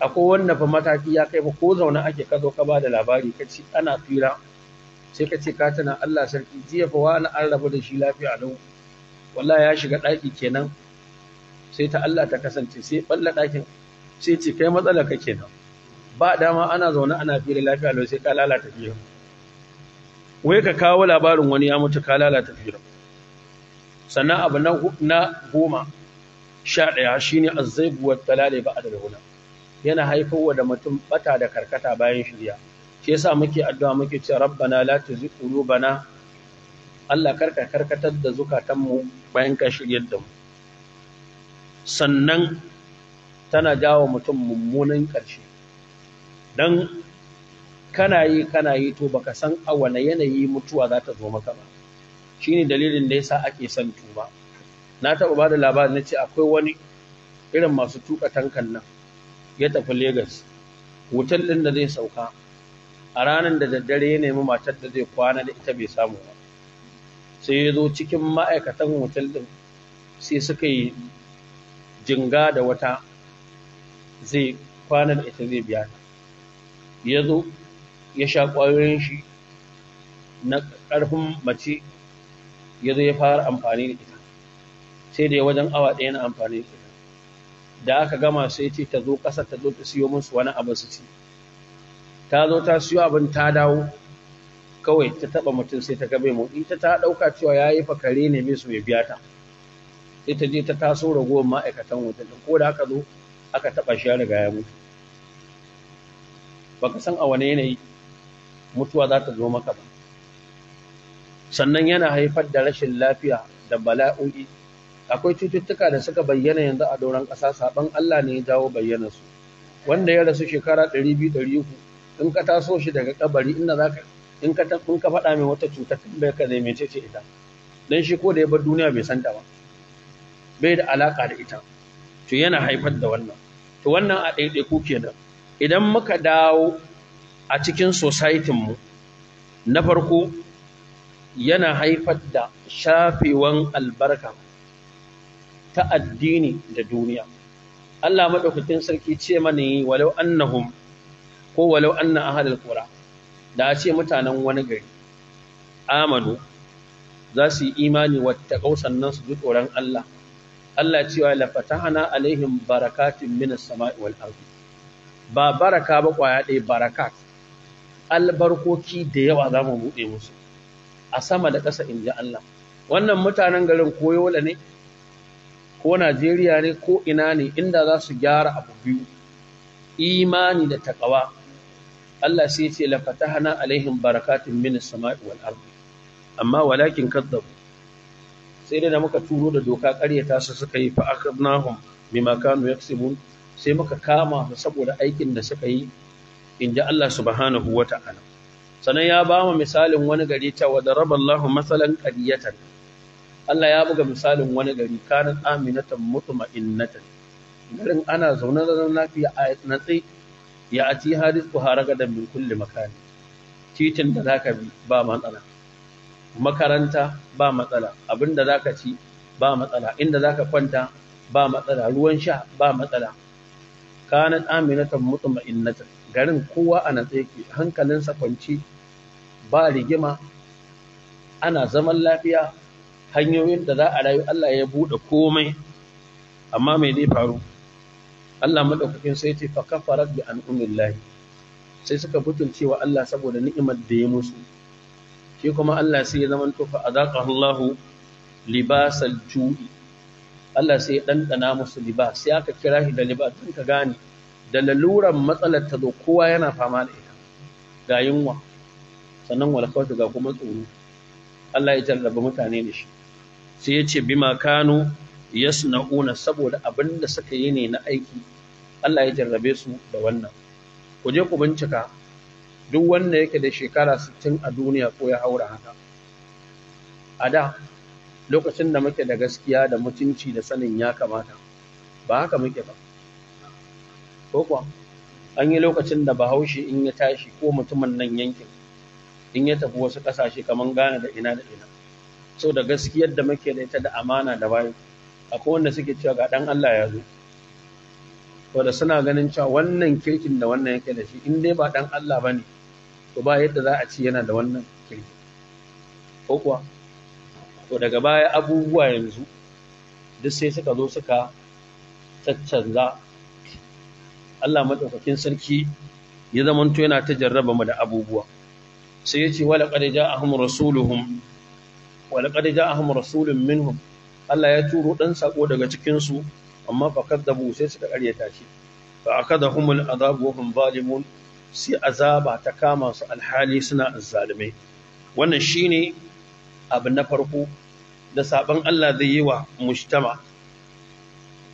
akwai wanda fa mataki ya kai ba ko zauna ake ka zo ka ba da labari ka ci ana fira sai ka ce ka tana Allah sarki jiya fa wani an rabu da shi lafiya lau wallahi ya shiga daki kenan sai ta Allah ta kasance sai balla ɗakin sai ce kai matsala ka kenan ba dama ana zaune ana fira lafiya lau sai ka lalata fira wai ka kawo labarin wani ya mutu ka lalata fira sannan abu na goma sha ɗaya shi ne azzaibu wa talale ba a dalhuna yana haifarwa da mutum bata da karkata bayan shirya shi yasa muke addu'a muke ce rabbana la tuzigh qulubana Allah karka karkatar da zukatanmu bayan ka shiryar da mu sannan tana jawo mutum mummunan ƙarshe dan kana yi kana yi to baka san a wane yanayi mutuwa za ta zo maka ba shine dalilin da yasa ake san tuba na taɓa bada da labarin na ce akwai wani irin masu tuka tankan nan ya tafi Legas wutar ɗin da zai sauka a ranar da daddare ya nemi matar da zai kwana da ita bai samu ba sai ya zo cikin ma'aikatan wutar ɗin sai suka yi jinga da wata zai kwana da ita zai biya ya zo ya sha ƙwayoyin shi na ƙarfin mace ya zo ya fara amfani da ita sai da wajen awa ɗaya na amfani da aka gama sai ce ta zo ƙasa ta zo ta siyo musu wani abu su ci ta zo ta siyo abin ta dawo kawai ta taɓa mutum sai ta ga bai motsi ta ta ɗauka cewa ya yi fakare ne mai su mai biya ta sai ta je ta taso ragowar ma'aikatan da ko da aka zo aka taɓa shi ya riga ya mutu baka san a wane yanayi mutuwa za ta zo maka ba sannan yana haifar da rashin lafiya da bala'o'i akwai cututtuka da suka bayyana yanzu a doron ƙasa saban Allah ne ya jawo bayyana su wanda ya rasu shekara 200-300 in ka taso shi daga kabari inda za ka in ka in ka faɗa mai wata cuta tun bai ka zai mece ce ita dan shi ko da ya bar duniya bai san ta ba bai da alaka da ita to yana haifar da wannan to wannan a ku kenan idan muka dawo a cikin society mu na farko yana haifar da shafewan albarka ta addini da duniya Allah madaukakin sarki ce mana yi walau annahum ko walau anna ahlul qura da ce mutanen wani gari amanu za su yi imani wata sannan su ji tsoron Allah Allah cewa la fatahana alaihim barakatun minas sama'i wal ardi ba baraka ba kwaya ɗaya barakat albarkoki da yawa za mu buɗe musu a sama da ƙasa in ji Allah wannan mutanen garin koyo ne ko Najeriya ne ko ina ne inda za su gyara abu biyu imani da takawa Allah sai ya ce la fatahna alaihim barakatun minas sama'i wal ardi amma walakin kadzabu sai dai da muka turo da doka ƙaryata su suka yi fa akhadnahum bima kanu yaksubun sai muka kama su saboda aikin da suka yi Inji ji Allah subhanahu wata'ala sanan ya ba mu misalin wani gari ta wa daraba Allahu masalan qaryatan Allah ya buga misalin wani gari kanin aminatan innata.' garin ana zaune zaune lafiya a natsi ya aji hadis ku haraga da min kulli makani titin da zaka bi ba matsala makaranta ba matsala abinda zaka ci ba matsala inda zaka kwanta ba matsala ruwan sha ba matsala kanat aminatan innata. garin kowa a natsi yake hankalinsa kwanci ba rigima ana zaman lafiya hanyoyin da za a rayu Allah ya buɗe komai amma mai zai faru Allah madaukakin sai ce fa kafarat bi an'amillahi sai suka butulce wa Allah saboda ni'imar da ya musu shi kuma Allah sai ya zama fa azaqahu Allah libasal ju'i Allah sai ya dandana musu libas sai aka kira shi da libas tun ka gane da laluran matsalar ta zo kowa yana fama da ita ga yunwa sannan walakauta ga kuma tsoro Allah ya jarraba mutane da shi sai ya ce bima kanu yasna'una saboda abin da suka yi ne na aiki Allah ya jarrabe su da wannan ku je ku bincika duk wanda yake da shekara 60 a duniya ko ya haura haka a da lokacin da muke da gaskiya da mutunci da sanin ya kamata ba haka muke ba ko kuwa an yi lokacin da bahaushe in ya tashi ko mutumin nan yankin in ya tafi wasu ƙasashe kamar Ghana da ina da ina so da gaskiyar da muke da ita da amana da bayi akwai wanda suke cewa ga dan Allah ya zo to da suna ganin cewa wannan kirkin da wannan yake da shi in dai ba dan Allah bane to ba yadda za a ci yana da wannan kirkin ko kuwa to daga baya abubuwa yanzu duk sai suka zo suka caccanza Allah madaukakin sarki ya zamanto yana ta jarraba mu da abubuwa sai ya ce wala qad ja'ahum rasuluhum walaƙar ja'ahum rasulun minhum Allah ya turo ɗan sako daga cikinsu amma fa kadzabu sai suka ƙaryata shi fa akadahum al'azabu wa hum zalimun sai azaba ta kama su alhali suna azzalume wannan shine abu na farko da saban Allah zai yi wa mujtama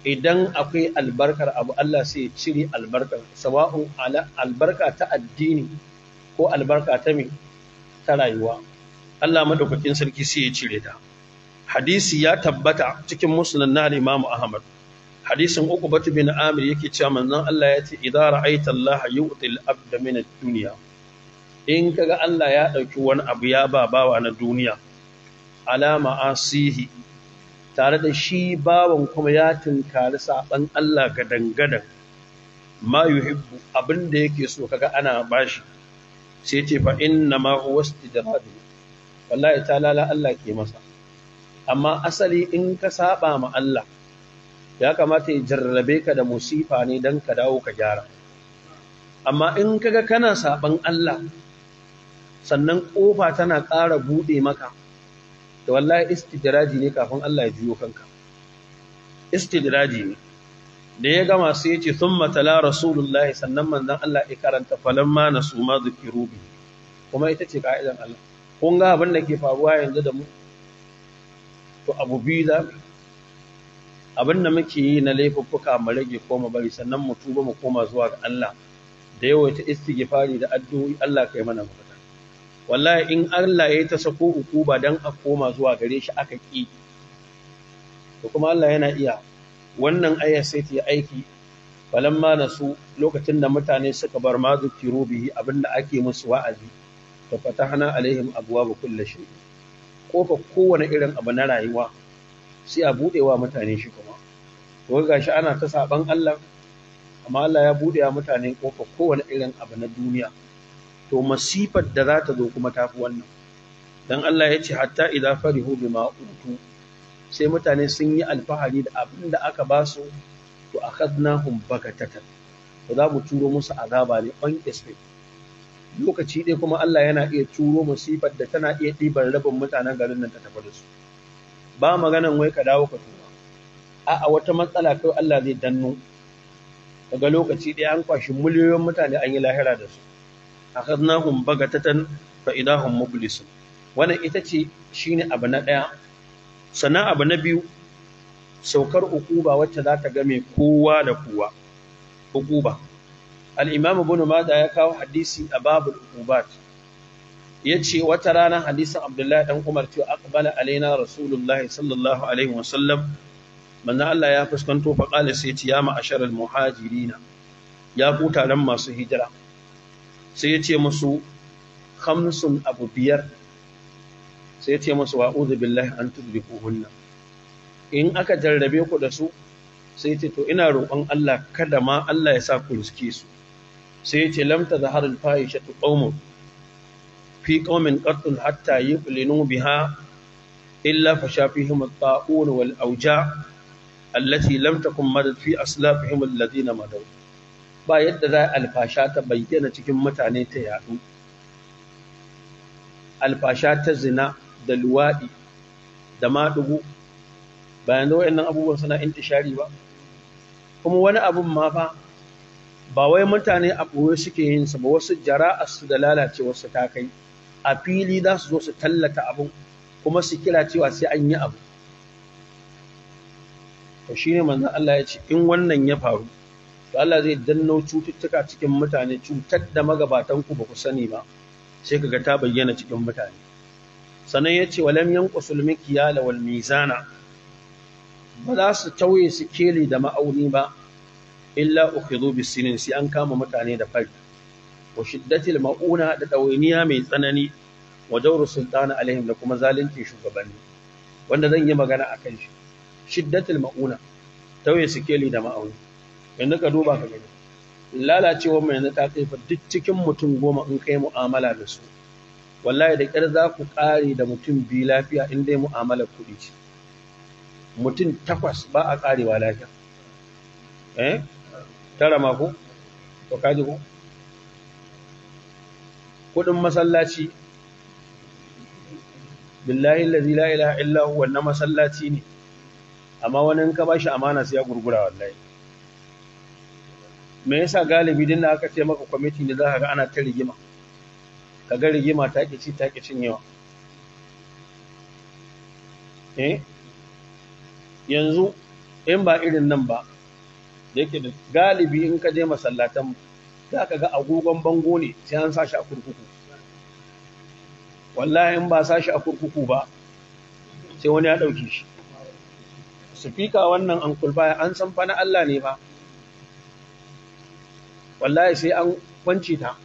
idan akwai albarkar abu Allah sai ya cire albarkar sawa'un ala albarka ta addini ko albarka ta me ta rayuwa Allah madaukakin sarki sai ya cire ta hadisi ya tabbata cikin musnad na Imam Ahmad hadisin Uqbah bin Amir yake cewa manzon Allah ya ce idza ra'aita Allah yu'til abda min ad-dunya in kaga Allah ya dauki wani abu ya ba bawa na duniya alama asihi tare da shi bawan kuma ya tunkari saban Allah ga dangadan ma yuhibbu abin da yake so kaga ana bashi sai ce fa inna ma huwa istidradu wallahi ta lala Allah ke masa amma asali in ka saba ma Allah ya kamata ya jarrabe ka da musifa ne don ka dawo ka gyara amma in kaga kana saban Allah sannan kofa tana ƙara buɗe maka da wallahi istidraji ne kafin Allah ya juyo kanka istidraji ne da ya gama sai ya ce sun matala rasulullahi sannan manzan Allah ya karanta falon ma na su kuma ita ce ka'idan Allah kun ga abin da ke faruwa yanzu da mu to abu biyu za abin da muke yi na laifuffuka mu rage ko mu bari sannan mu tuba mu koma zuwa ga Allah da yawa ta istighfari da addu'o'i Allah kai mana mafita wallahi in Allah ya ta sako ba dan a koma zuwa gare shi aka ki to kuma Allah yana iya wannan ayar sai ta yi aiki falamma nasu lokacin da mutane suka bar ma abinda ake musu wa'azi fa fatahna alaihim abwaaba kulli shay kofa kowane irin abu na rayuwa sai a budewa mutane shi kuma to gashi ana ta saban Allah amma Allah ya bude wa mutane kofa kowane irin abu na duniya to masifar da za ta zo kuma tafi wannan dan Allah ya ce hatta idza farihu bima utu sai mutane sun yi alfahari da abin da aka ba su to akadnahum bagatatan to za mu turo musu azaba ne on expect lokaci ɗaya kuma Allah yana iya turo musifar da tana iya ɗiban rabin mutanen garin nan ta tafi da su ba maganan wai ka dawo ka A a'a wata matsala kai Allah zai danno daga lokaci ɗaya an kwashi miliyoyin mutane an yi lahira da su akhadnahum bagatatan fa idahum mublisun wannan ita ce shine abu na ɗaya sannan abu na biyu saukar ukuba wacce za ta ga mai kowa da kowa ukuba al-imam ibn mada ya kawo hadisi a babul Ya yace wata rana hadisin abdullahi ɗan umar ce aqbala alaina rasulullahi sallallahu alaihi wasallam Allah ya fuskanto fa qala sai ce ya ma'asharal muhajirina ya ku taron masu hijira sai ya ce musu hamsin abu biyar sai ya ce musu wa'udhu billahi an tudrikuhunna in aka jarrabe ku da su sai ce to ina roƙon Allah kada ma Allah ya sa ku riske su sai yace lam tazharul fahishatu qaumun fi qaumin qattun hatta yuqlinu biha illa fasha fihim at-ta'un wal awja allati lam takun madad fi aslafihim alladhina madau. ba yadda za alfasha ta bayyana cikin mutane ta yaɗu. alfasha ta zina da luwaɗi, da madugo bayan da wayannan abubuwan suna intishari ba kuma wani abun ma fa ba wai mutane a ɓoye suke yin sa ba wasu su da lalacewarsu ta kai a fili za su zo su tallata abin kuma su kira cewa sai an yi abu to ne manzan Allah ya ce in wannan ya faru to Allah zai danno cututtuka cikin mutane cutar da magabatan ku ba ku sani ba sai kaga ta bayyana cikin mutane sannan ya ce walam yanqusul mikyala wal mizana ba za su tauye sikeli da ma'auni ba illa ukhidhu bisinin si an kama mutane da fari wa shiddatil mauna da dawainiya mai tsanani wa dawru sultana alaihim da kuma zalunci shugabanni wanda zan yi magana akan shi shiddatil mauna tauye sikeli da ma'auni In ka duba ka gani lalacewar mai yanzu ta kaifa duk cikin mutum goma in kai mu'amala da su wallahi da kyar za ku ƙare da mutum bi lafiya in dai mu'amalar kuɗi ce mutum takwas ba a ƙarewa lafiya eh tara mako to kaji ko kudin masallaci billahi allazi la ilaha illa huwa wannan masallaci ne amma wani in ka bashi amana sai ya gurgura wallahi me yasa galibi din da aka ce maka kwamiti ne za ka ga ana ta rigima ka ga rigima ta ki ci ta ki yawa eh yanzu in ba irin nan ba da yake da galibi in ka je masallatan za ka ga agogon bango ne sai an sa shi a kurkuku wallahi in ba sa shi a kurkuku ba sai wani ya ɗauki shi sufika wannan an kulbaya an san fa na Allah ne ba wallahi sai an kwanci ta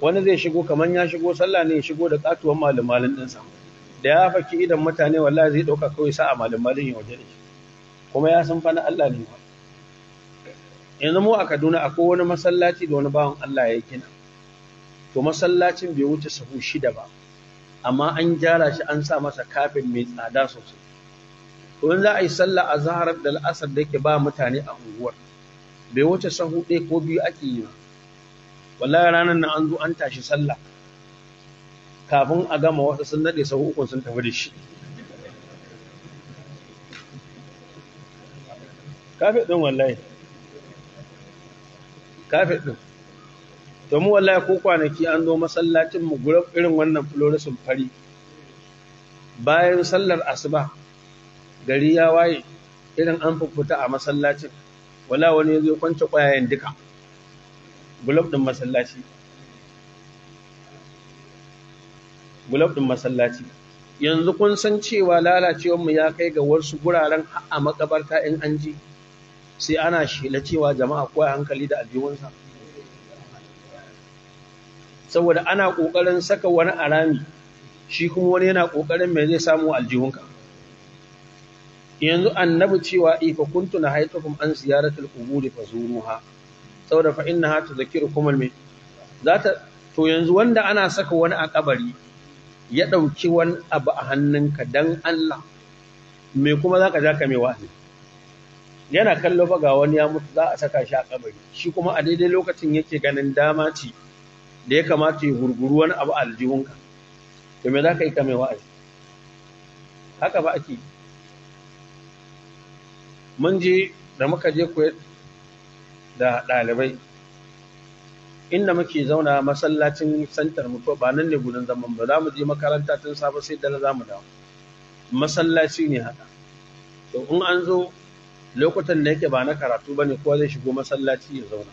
wani zai shigo kamar ya shigo sallah ne ya shigo da katuwan malumalin ɗinsa da ya faki idan mutane wallahi zai ɗauka kawai sa a malumalin ya waje da shi kuma ya san fa na Allah ne ba yanzu mu a Kaduna akwai wani masallaci da wani bawan Allah ya gina to masallacin bai wuce sahu shida ba amma an gyara shi an sa masa kafin mai tsada sosai to yanzu za a yi sallah a zaharar da al'asar da yake ba mutane a unguwar bai wuce sahu ɗaya ko biyu ake yi ba wallahi ranar nan an zo an tashi sallah kafin a gama wasu sun daɗe sahu ukun sun tafi da shi kafin ɗin wallahi kafet ɗin to mu wallahi ko kwanaki an zo masallacin mu gurin irin wannan fluorescent fari bayan sallar asuba gari ya waye irin an fita a masallacin wala wani ya zo kwance kwayayen duka gulab din masallaci gulab din masallaci yanzu kun san cewa lalacewar mu ya kai ga wasu guraren a makabarta in an ji sai ana shela cewa jama'a koya hankali da aljihunsa saboda ana ƙoƙarin saka wani arami shi kuma wani yana kokarin me zai samu aljihunka yanzu annabi cewa ifa kuntu na haitukum an ziyaratul fa zuruha saboda fa innaha tudhkirukum al zata to yanzu wanda ana saka wani a kabari ya dauki wani abu a hannunka dan Allah me kuma zaka ja ka mai wa'azi yana kallo ba ga wani ya mutu za a saka shi a kabari shi kuma a daidai lokacin yake ganin dama ce da ya kamata ya gurguru wani abu a aljihunka to me za ka yi ka mai wa'azi haka ba ake mun je da muka je ku da ɗalibai inda muke zauna masallacin santar mutu ba nan ne gudun zaman ba za mu je makaranta tun safe sai dala za mu dawo masallaci ne haka to in an zo lokutan da yake ba na karatu ba ne kowa zai shigo masallaci ya zauna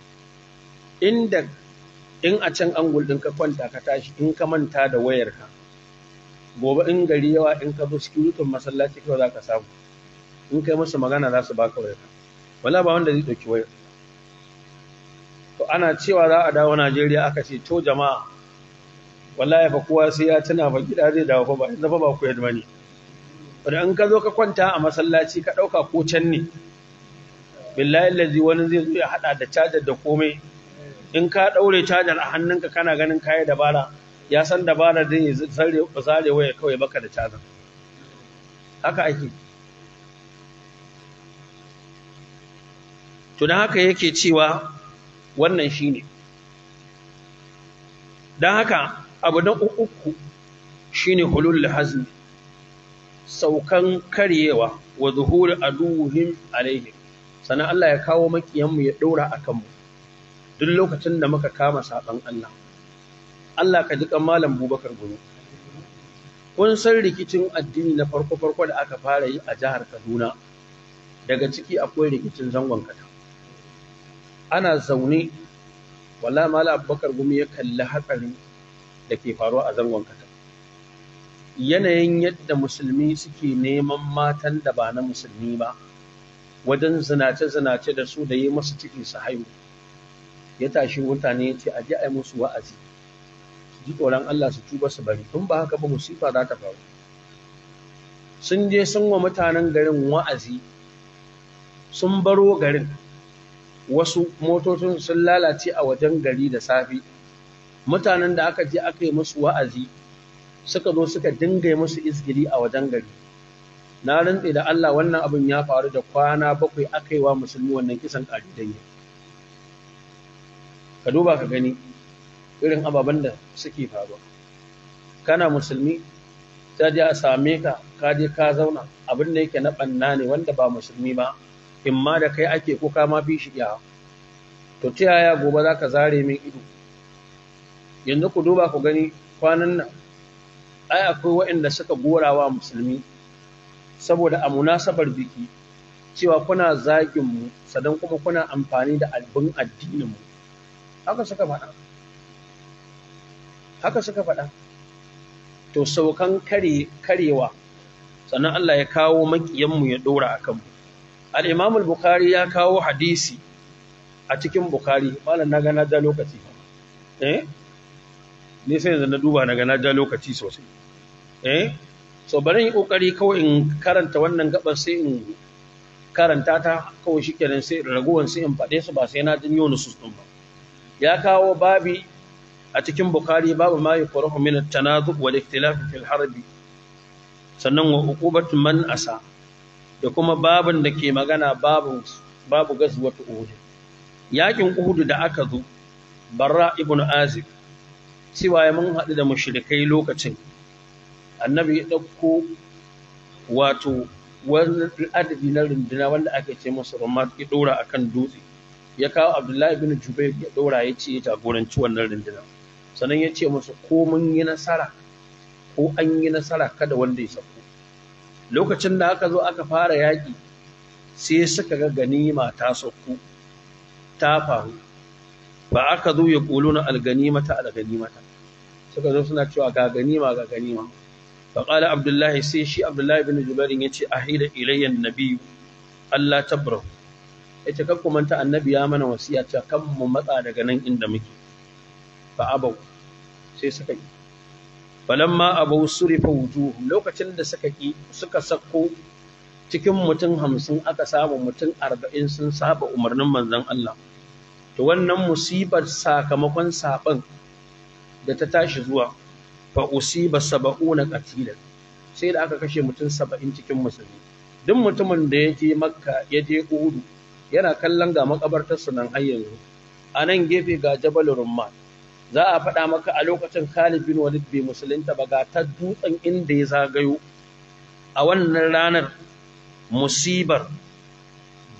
inda in a can angul ɗin ka kwanta ka tashi in ka manta da wayarka gobe in gari yawa in ka zo sikiritin masallaci kawai za ka samu in kai musu magana za su baka wayarka wala ba wanda zai ɗauki wayar to ana cewa za a dawo najeriya aka ce to jama'a wallahi fa kowa sai ya tuna ba gida zai dawo fa ba yanzu fa ba ku yadda bane in ka zo ka kwanta a masallaci ka ɗauka ko can ne billahi lazi wani zai zo ya hada da cajar da komai in ka daure cajar a hannunka kana ganin kayi dabara ya san dabara zai zare waya kawai baka da cajar haka ake to dan haka yake cewa wannan shine don haka abu na uku shine hulul hazmi saukan karyewa wa zuhuri aduhim alaihim sannan Allah ya kawo makiyanmu ya ɗora a kanmu duk lokacin da muka kama saɓan Allah Allah ka ji jiƙan malam bubakar gumi kun san rikicin addini na farko-farko da aka fara yi a jihar Kaduna daga ciki akwai rikicin zangon kata ana zaune wala mala abubakar gumi ya kalli hatsari da ke faruwa a zangon kata yanayin yadda musulmi suke neman matan da ba na musulmi ba wajen zinace-zinace da su da yi masu ciki su haihu ya tashi mutane ya ce a ji a yi musu wa'azi ji tsoron Allah su tuba su bari tun ba haka ba musifa za ta faru sun je sun wa mutanen garin wa'azi sun baro garin wasu motocin sun lalace a wajen gari da safe mutanen da aka je aka yi musu wa'azi suka zo suka dinga musu izgiri a wajen gari na rantse da Allah wannan abin ya faru da kwana bakwai aka yi wa musulmi wannan kisan ƙaridai ka duba ka gani irin ababen da suke faruwa kana musulmi ta je a same ka ka je ka zauna abin da yake na banna ne wanda ba musulmi ba in ma da kai ake kuka ma fi shi ya to ta yaya gobe za ka zare min ido yanzu ku duba ku gani kwanan nan ai akwai waɗanda suka gora wa musulmi saboda a munasabar biki cewa kuna zagin mu sadan kuma kuna amfani da albin addinin mu haka suka faɗa haka suka faɗa to saukan kare karewa sannan Allah ya kawo makiyan mu ya dora akan mu al-Imam al-Bukhari ya kawo hadisi a cikin Bukhari malam na na da lokaci eh ne sai yanzu na duba naga na da lokaci sosai eh so bari yi kokari kawai in karanta wannan gabar sai in karanta ta kawai shikenan sai raguwan sai in faɗe su ba sai na jin yau ba ya kawo babi a cikin bukhari babu ma yukrahu min at-tanazu wal ikhtilaf fil harbi sannan wa uqubatu man asa da kuma babin da ke magana babu babu gazwatu uhud yakin uhud da aka zo barra ibn azib cewa mun haɗu da mushrikai lokacin annabi ya ɗauko wato wani adadi na runduna wanda aka ce masa rummat ya ɗora a kan dutse ya kawo abdullahi bin jubair ya ɗora ya ce ya jagoranci wannan runduna sannan ya ce masa ko mun yi nasara ko an yi nasara kada wanda ya sauko lokacin da aka zo aka fara yaƙi sai suka ga ganima ta sauko ta faru ba aka zo ya ƙulu na alganimata alganimata suka zo suna cewa ga ganima ga ganima فقال عبد الله سيشي عبد الله بن جبير يتي أهيل إلي النبي ألا تبره yace kakku manta annabi ya mana wasiya ta mu matsa daga nan inda muke fa abau sai suka yi falamma abau surifa wujuh lokacin da suka ki suka sako cikin mutum hamsin aka samu mutum arba'in sun saba umarnin manzon Allah to wannan musibar sakamakon saban da ta tashi zuwa fa usiba saba'una qatilan sai da aka kashe mutum saba'in cikin musulmi duk mutumin da yake makka ya je uhudu yana kallon ga su nan har yanzu a nan gefe ga jabal rumman za a faɗa maka a lokacin Khalid bin Walid bai musulunta ba ga ta dutsen inda ya zagayo a wannan ranar musibar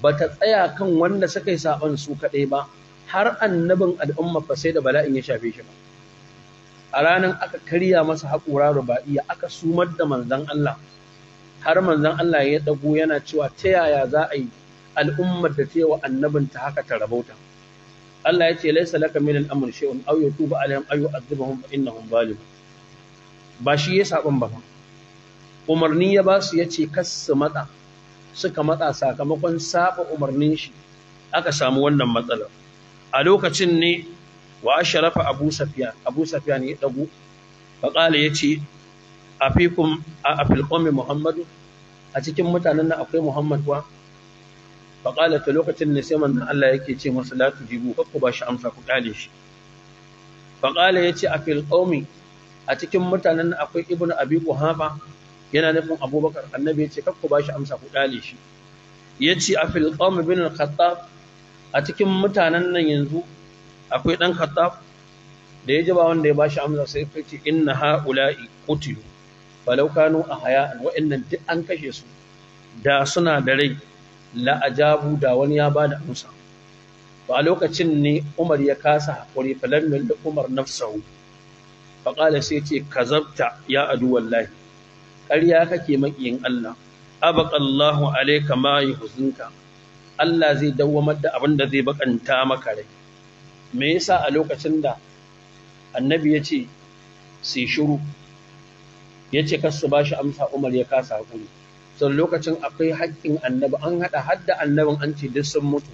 ba ta tsaya kan wanda suka yi saban su kaɗai ba har annabin al'umma fa sai da bala'in ya shafe shi ba a ranar aka karya masa haƙura ruba'iya aka sumar da manzan Allah har manzan Allah ya dago yana cewa ta yaya za a yi al'ummar da ta annabinta haka ta rabauta Allah ya ce laisa laka min al'amr shay'un aw yatubu alaihim aw yu'adhibuhum fa innahum zalimun ba shi ya saban ba umarni ya ba su yace kas su matsa suka matsa sakamakon saba umarnin shi aka samu wannan matsalar a lokacin ne wa ashrafa abu safiyan abu safiyan ya dago fa qala yace afikum a afil qawmi muhammadu a cikin mutanen nan akwai muhammad wa fa ta lokacin ne sai manzon Allah yake ce masa la tujibu kakku ba shi amsa ku kale shi fa qala a afil qawmi a cikin mutanen nan akwai ibnu abi quhafa yana nufin abubakar annabi yace kakku ba shi amsa ku kale shi yace afil qawmi bin al-khattab a cikin mutanen nan yanzu akwai dan khattab da ya jaba wanda ya bashi amsa sai ya ce inna haula'i qutilu falau kanu wa innan duk an kashe su da suna da rai la ajabu da wani ya bada amsa to a lokacin ne Umar ya kasa hakuri falam min Umar nafsahu fa qala sai ce kazabta ya adu wallahi ƙarya kake makiyin Allah abaka Allahu alayka ma yuhzinka Allah zai dawwamar da abin da zai bakanta maka rai me yasa a lokacin da annabi ya ce sai shiru ya ce kasu ba shi amsa umar ya kasa hakuri sau lokacin akwai haƙƙin annabi an haɗa hadda annabin an ce duk sun mutu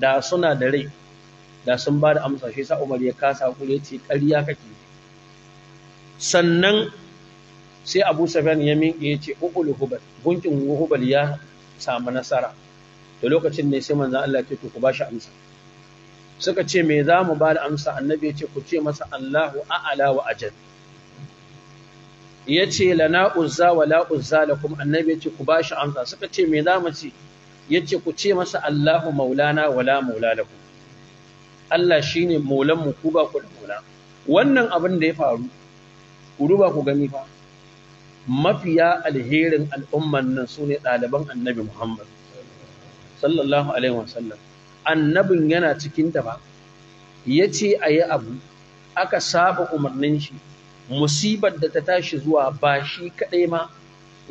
da suna da rai da sun ba da amsa shi sa umar ya kasa hakuri ya ce ƙarya kake sannan sai abu safyan ya miƙe ya ce uƙul hubal gunkin hubal ya samu nasara da lokacin ne sai manzan Allah ya ce to ba shi amsa suka ce me za mu ba da amsa annabi ya ce ku ce masa Allahu a'ala wa ajal ya ce lana uzza wa la uzza lakum annabi ya ce ku ba shi amsa suka ce me za mu ce ya ce ku ce masa Allahu maulana wa la maula lakum Allah shine maulan mu ku ba ku da maula wannan abin da ya faru ku duba ku gani fa mafiya alherin al'umman nan sune ɗaliban annabi Muhammad sallallahu alaihi sallam. annabin yana cikin ta ba ya ce a yi abu aka saba umarnin shi musibar da ta tashi zuwa ba shi kaɗai ma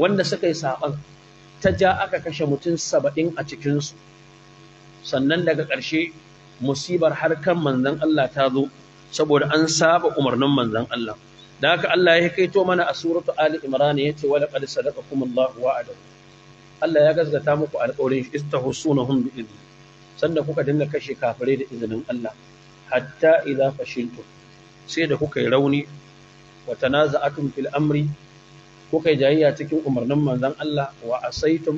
wanda suka yi saɓan ta ja aka kashe mutum saba'in a cikinsu sannan daga ƙarshe musibar harkar manzan Allah ta zo saboda an saba umarnin manzan Allah da haka Allah ya kaito mana a suratu Ali Imran ya ce wala qad sadaqakum Allahu wa'ada Allah ya gazgata muku alƙawarin istahsunahum bi Sanda kuka dinga kashe kafirai da izinin Allah hatta idza fashiltum sai da kuka yi rauni wa tanaza'atum fil amri kuka yi jayayya cikin umarnin manzon Allah wa asaitum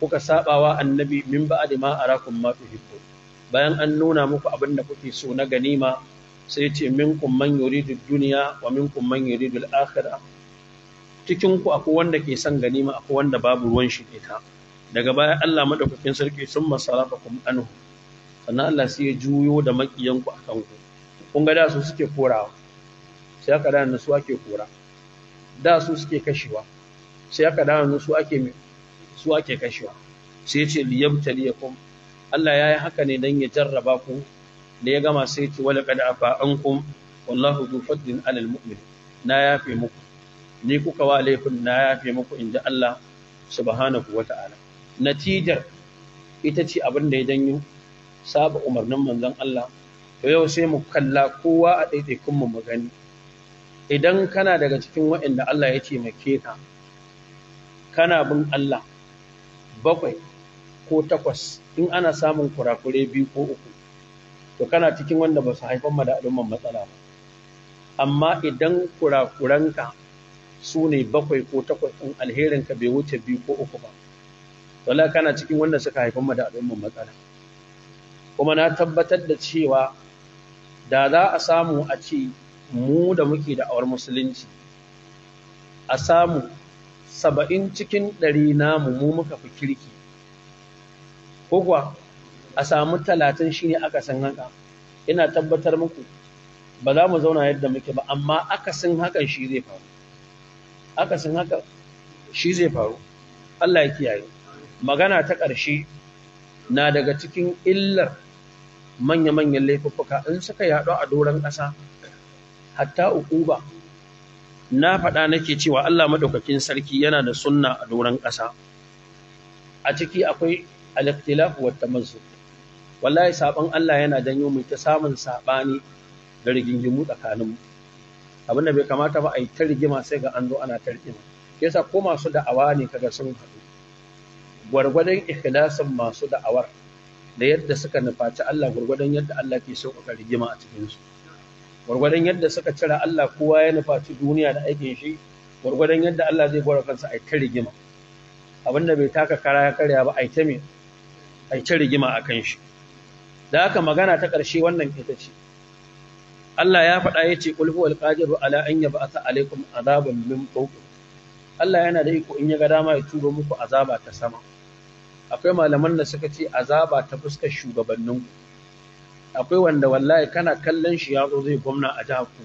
kuka sabawa annabi min ba'di ma arakum ma tuhibbu bayan an nuna muku abin da kuke so na ganima sai ce minkum man yuridu dunya wa minkum man yuridu al-akhirah cikin ku akwai wanda ke son ganima akwai wanda babu ruwan shi ita daga baya Allah madaukakin sarki sun masarafa kum anhu sannan Allah sai ya juyo da makiyanku a kanku kun ga da su suke korawa sai aka da su ake kora da su suke kashewa sai aka da su ake su ake kashewa sai ce liyabtaliyakum Allah ya yi haka ne dan ya jarraba ku da ya gama sai ce wala qad afa ankum wallahu dhu fadlin alal mu'min na yafe muku ni kuka wa laifin na yafe muku inda Allah subhanahu wata'ala natijar ita ce abin da ya janyo saba umarnin manzon Allah to yau sai mu kalla kowa a ɗaiɗaikun mu mu gani idan kana daga cikin waɗanda Allah ya taimake ka kana bin Allah bakwai ko takwas in ana samun kurakure biyu ko uku to kana cikin wanda ba su haifar ma da al'umman matsala ba amma idan kurakuranka su ne bakwai ko takwas ɗin alherinka bai wuce biyu ko uku ba wala kana cikin wanda suka haifar mu da mun matsala kuma na tabbatar da cewa da za a samu a ce mu da muke da awar musulunci a samu saba'in cikin ɗari namu mu muka fi kirki ko kuwa a samu talatin shine aka san haka ina tabbatar muku ba za mu zauna yadda muke ba amma akasin hakan shi zai faru akasin haka shi zai faru Allah ya kiyaye magana ta ƙarshe na daga cikin illar manya-manyan laifuffuka in suka yaɗu a doron ƙasa hatta ukuba na faɗa nake cewa Allah maɗaukakin sarki yana da sunna a doron ƙasa a ciki akwai al-ikhtilaf wa wallahi saban Allah yana janyo mu ta samun sabani da rigingimu tsakaninmu abinda bai kamata ba a yi ta rigima sai ga an zo ana ta rigima yasa ko masu da'awa ne kaga sun haɗu gwargwadon ikhlasin masu da'awar da yadda suka nufaci Allah gwargwadon yadda Allah ke sauƙaƙa rigima a cikinsu gwargwadon yadda suka cira Allah kowa ya nufaci duniya da aikin shi gwargwadon yadda Allah zai gwara kansa a ta rigima abinda bai taka kara ya karya ba a ta me a ta rigima a kan shi da haka magana ta ƙarshe wannan ita ce Allah ya faɗa ya ce ƙulhu wal qadiru ala an yab'atha alaikum azaban min fawqikum Allah yana da iko in ya ga dama ya tura muku azaba ta sama akwai malaman da suka ce azaba ta fuskar shugabannin ku akwai wanda wallahi kana kallon shi ya zo zai gwamna a jihar ku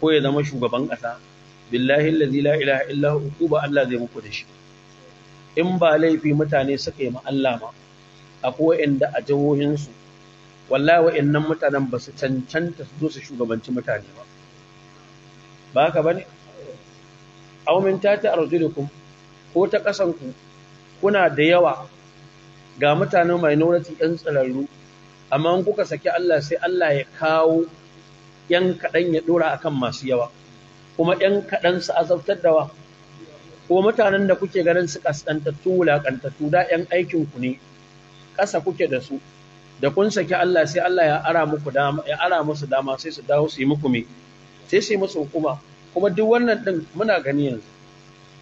ko ya zama shugaban ƙasa billahi allazi la ilaha illa hu ba Allah zai muku da shi in ba laifi mutane suka yi ma Allah ma akwai inda a jihohin su wallahi wa'annan mutanen ba su cancanta su zo su shugabanci mutane ba ba ka bane aumin tata arjulukum ko ta kasan ku kuna da yawa ga mutane mai minority ɗan tsirarru amma in kuka saki Allah sai Allah ya kawo ‘yan kaɗan ya ɗora akan masu yawa kuma ‘yan kaɗan su azabtar da wa ko mutanen da kuke ganin su kasantattu wulaƙantattu da ‘yan aikin ku ne ƙasa kuke da su da kun saki Allah sai Allah ya ara muku dama ya ara musu dama sai su dawo su yi muku me sai su yi musu hukuma kuma duk wannan ɗin muna gani yanzu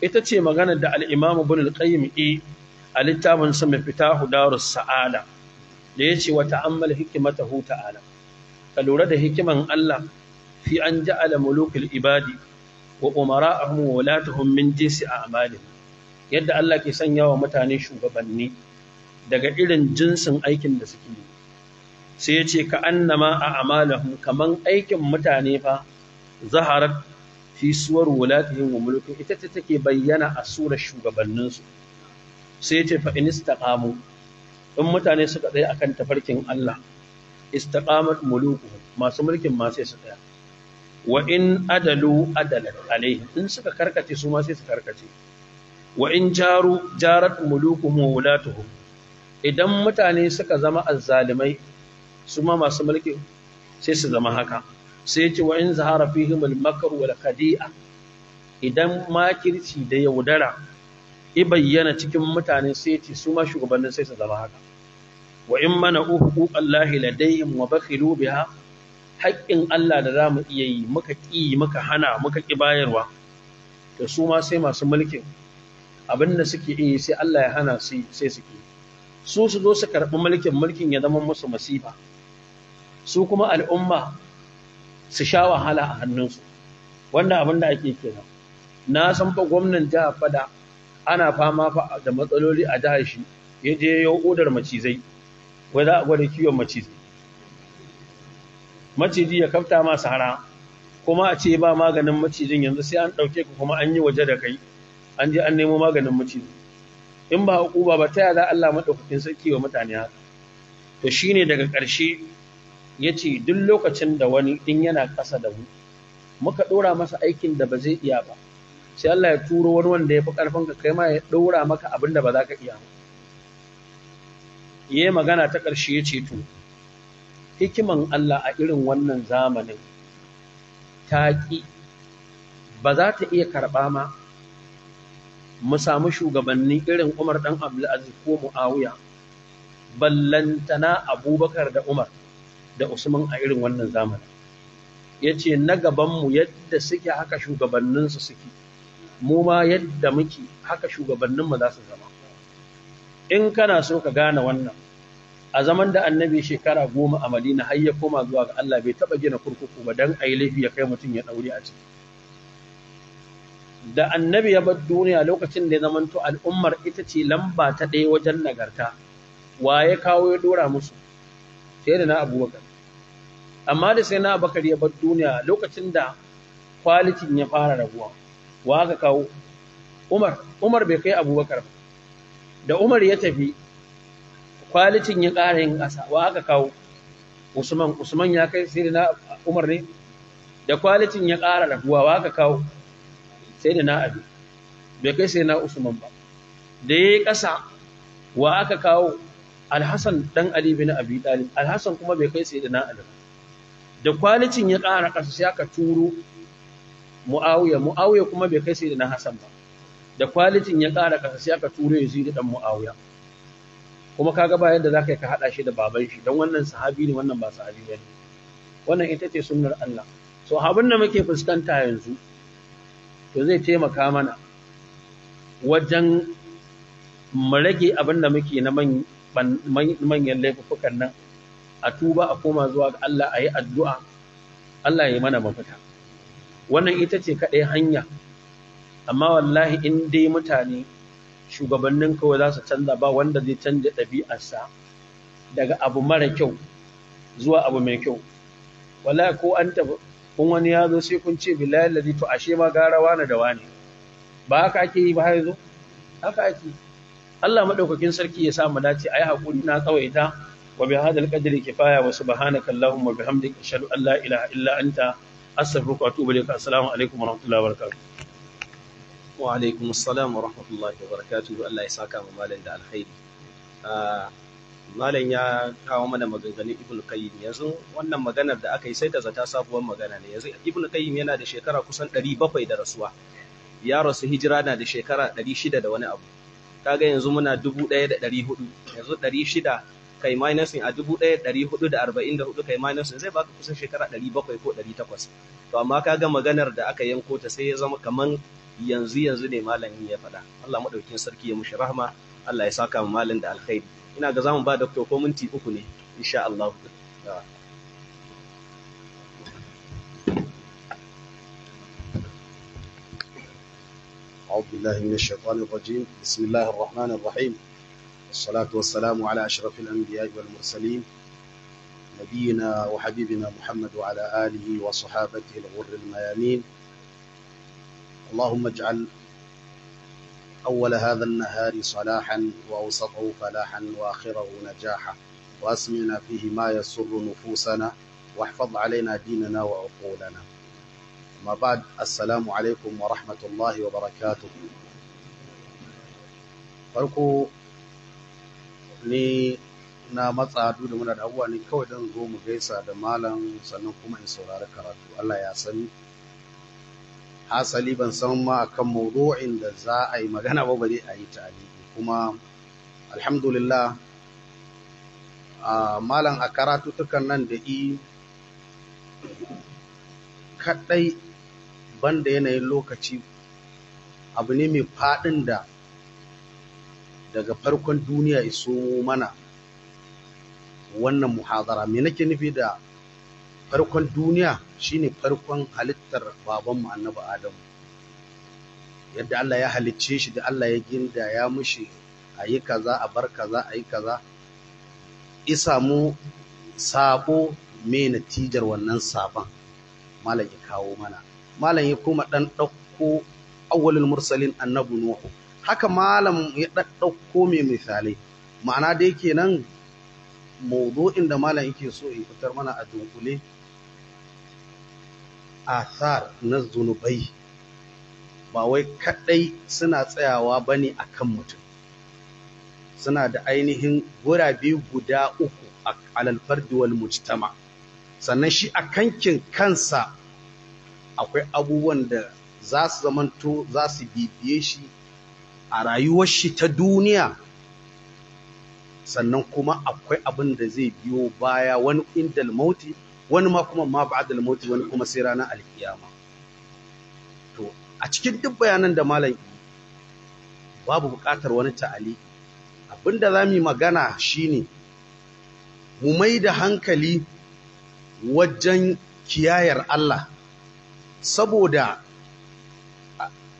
ita ce maganar da al-Imam Ibn e a littafin sa mai fita hudarus sa'ada da yace wa ta'ammal huta ta'ala ka lura da hikiman Allah fi an ala mulukul ibadi wa umara'ahum wa walatuhum min jinsi a'malihim yadda Allah ke sanya wa mutane shugabanni daga irin jinsin aikin da suke yi sai ya ce ka annama a amalahum kaman aikin mutane fa zaharar. fi suwar wulatihim wa mulkin ita ta take bayyana a surar su. sai ce fa in istaqamu in mutane suka tsaya akan tafarkin Allah istaqamat muluku masu mulkin ma sai su tsaya wa in adalu adalat alaihi in suka karkace su ma sai su karkace wa in jaru jarat mulukuhum wa wulatuhum idan mutane suka zama azzalimai su ma masu mulki sai su zama haka sai ce wa in zahara fihim al-makr wal qadi'a idan makirci da yaudara i bayyana cikin mutane sai ce su ma shugabannin sai su zama haka wa in mana huquqallahi ladayhim wa bakhilu biha haƙƙin Allah da zamu iya yi muka ƙi muka hana muka ƙi bayarwa to su ma sai masu mulkin abinda suke iya sai Allah ya hana su sai su ƙi su su zo su karɓi mulkin mulkin ya zama musu masifa su kuma al'umma su sha wahala a hannunsu wanda abin da ake kira na san fa gwamnan jihar fada ana fama fa da matsaloli a jihar shi ya je ya odar macizai wai za a gwada kiwon macizai maciji ya kafta ma sahara kuma a ce ba maganin macijin yanzu sai an ɗauke ka kuma an yi waje da kai an je an nemo maganin macizi in ba hukuma ba ta yaya za Allah madaukakin sarki wa mutane haka to shine daga ƙarshe ya ce duk lokacin da wani in yana ƙasa da mu muka ɗora masa aikin da ba zai iya ba sai Allah ya turo wani wanda ya fi ƙarfin ka kai ma ya ɗora maka abin da ba za ka iya ba yayi magana ta ƙarshe ya ce to hikiman Allah a irin wannan zamanin ta ƙi ba za ta iya karɓa ma mu samu shugabanni irin Umar ɗan Abdulaziz ko Muawiya ballantana Abubakar da Umar da Usman a irin wannan zamanin ce na gabanmu yadda suke haka shugabanninsu suke mu ma yadda muke haka shugabanninmu za su zama in kana so ka gane wannan a zaman da annabi shekara goma a madina har ya koma zuwa ga Allah bai taɓa gina kurkuku ba dan ayi laifi ya kai mutum ya daure a ciki da annabi ya bar duniya lokacin da ya zamanto al'ummar ita ce lamba ta ɗaya wajen nagarta wa ya kawo ya dora musu sai da na abubakar amma da sai na bakar ya bar duniya lokacin da kwalitin ya fara raguwa wa aka kawo umar umar bai kai abubakar ba da umar ya tafi kwalitin ya ƙara yin ƙasa wa aka kawo usman usman ya kai sai na umar ne da kwalitin ya ƙara raguwa wa aka kawo sai da na abi bai kai sai na usman ba da ya yi ƙasa wa aka kawo alhassan dan ali bin abi talib alhassan kuma bai kai sai da na ali da kwalitin ya ƙara ƙasa sai aka turo mu'awiya mu'awiya kuma bai kai sai da na hasan ba da kwalitin ya ƙara ƙasa sai aka turo ya da dan mu'awiya kuma kaga ba yadda zaka yi ka haɗa shi da baban shi dan wannan sahabi ne wannan ba sahabi ne wannan ita ce sunnar Allah so abin da muke fuskanta yanzu to zai taimaka mana wajen mu rage abin da muke na manyan laifukan nan a tuba a koma zuwa ga Allah a yi addu'a Allah ya yi mana mafita wannan ita ce kaɗai hanya amma wallahi in dai mutane shugabannin kawai za su canza ba wanda zai canza ɗabi'arsa daga abu mara kyau zuwa abu mai kyau wallahi ko an tafi kun wani ya zo sai kun ce billahi ladhi to ashe ma gara wani da wani ba haka ake yi ba har yanzu haka ake Allah madaukakin sarki ya sa mu dace ayi hakuri na tsawaita وبهذا القدر كفاية وسبحانك اللهم وبحمدك أشهد أن لا إله إلا أنت أستغفرك وأتوب إليك السلام عليكم ورحمة الله وبركاته وعليكم السلام ورحمة الله وبركاته الله يساك مالا على الخير malam ya kawo mana maganganun ibnu qayyim yanzu wannan maganar da aka yi sai ta zata sabuwar magana ne yanzu ibnu qayyim yana da shekara kusan 700 da rasuwa ya rasu hijira na da shekara 600 da wani abu kaga yanzu muna 1400 yanzu 600 kai minus ne a 1444 kai minus ne zai baka kusan shekara 700 ko 800 to amma ka ga maganar da aka yanko ta sai ya zama kaman yanzu yanzu ne malami ya faɗa Allah maɗaukin sarki ya mushi rahma Allah ya saka mu malin da alkhairi ina ga zamu ba doctor ko minti uku ne insha Allah أعوذ بالله من الشيطان الرجيم بسم الله الرحمن الرحيم الصلاة والسلام على أشرف الأنبياء والمرسلين نبينا وحبيبنا محمد وعلى آله وصحابته الغر الميامين اللهم اجعل أول هذا النهار صلاحا وأوسطه فلاحا وآخره نجاحا وأسمعنا فيه ما يسر نفوسنا واحفظ علينا ديننا وعقولنا ما بعد السلام عليكم ورحمة الله وبركاته فاركو ni na matsa da muna da abubuwa ne kawai don zo mu gaisa da malam sannan kuma in saurari karatu Allah ya sani hasali ban san ma akan maudu'in da za a yi magana ba bare a yi tarihi kuma alhamdulillah a malam a karatu tukan nan da i kaɗai banda yanayin lokaci abu ne mai faɗin da daga farkon duniya iso mana wannan muhazara. me nake nufi da farkon duniya shine farkon halittar babanmu annabi adamu yadda Allah ya halicce shi da Allah ya ginda ya mushi a yi kaza a bar kaza a yi kaza Isamu sabo me natijar wannan sabon malam ya kawo mana malam ya kuma dan ɗauko awwalul mursalin annabi nuhu haka malam ya ɗaɗɗauko mai misalai ma'ana dai kenan maudu'in da malam yake so ya fitar mana a dunkule asar na zunubai ba wai kaɗai suna tsayawa ba ne a kan mutum suna da ainihin gurabe guda uku a alalfardi wal sannan shi a kankin kansa akwai abubuwan da za su zamanto za su bibiye shi a rayuwar shi ta duniya sannan kuma akwai abin da zai biyo baya wani indal mauti wani ma kuma ma ba'dal mauti wani kuma sai ranar alkiyama to a cikin duk bayanan da malam babu buƙatar wani ta'ali abin da za mu yi magana shine mu mai da hankali wajen kiyayar Allah saboda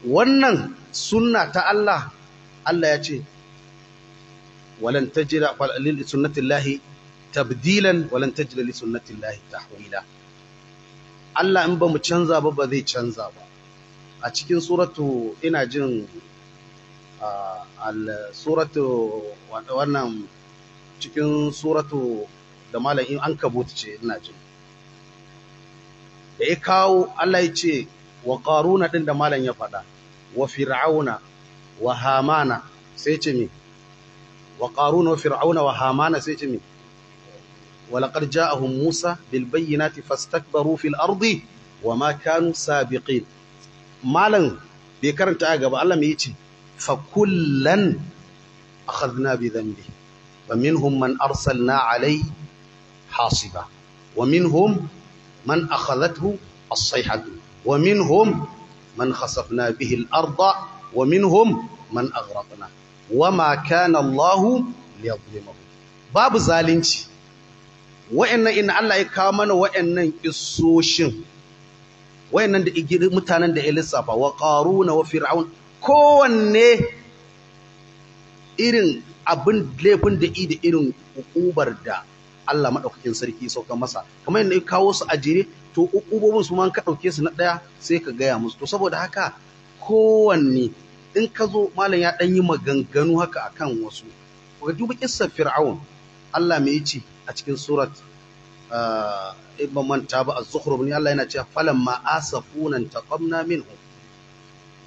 wannan sunna ta Allah Allah ya ce walan tajira lil sunnatillahi tabdilan walan tajira li sunnatillahi tahwila Allah in ba mu canza ba ba zai canza ba a cikin suratu ina jin suratu wannan cikin suratu da malam in an kabuta ce ina jin da ya kawo Allah ya ce wa qaruna din da malam ya faɗa wa fir'auna wa hamana sai ce mi wa qaruna wa fir'auna wa hamana sai ce mi wa laqad ja'ahum musa bil bayyinati fastakbaru fil ardi wa ma kanu sabiqin malan bai karanta a gaba Allah mai yace fa kullan akhadna bi dhanbi wa minhum man arsalna alai hasiba wa minhum man akhadathu as-sayhatu wa minhum man khasafna bihil arda wa min minhum man aghraqna wama kana Allahu liyadhlimahum babu zalunci wa'annan in Allah ya kawo mana wa'annan isoshin wa'annan da igiri mutanen da ya lissafa wa qaruna wa fir'aun kowanne irin abin laifin da da irin hukubar da Allah madaukakin sarki sauka masa kamar yadda ya kawo su a jere to uƙubobin su ma ka ɗauke su na ɗaya sai ka gaya musu to saboda haka kowanne in ka zo malam ya ɗan yi maganganu haka akan wasu ga duba kissar fir'aun Allah me yace a cikin surat ah, ibn manta ba az-zukhruf ni Allah yana cewa ma asafuna taqamna minhum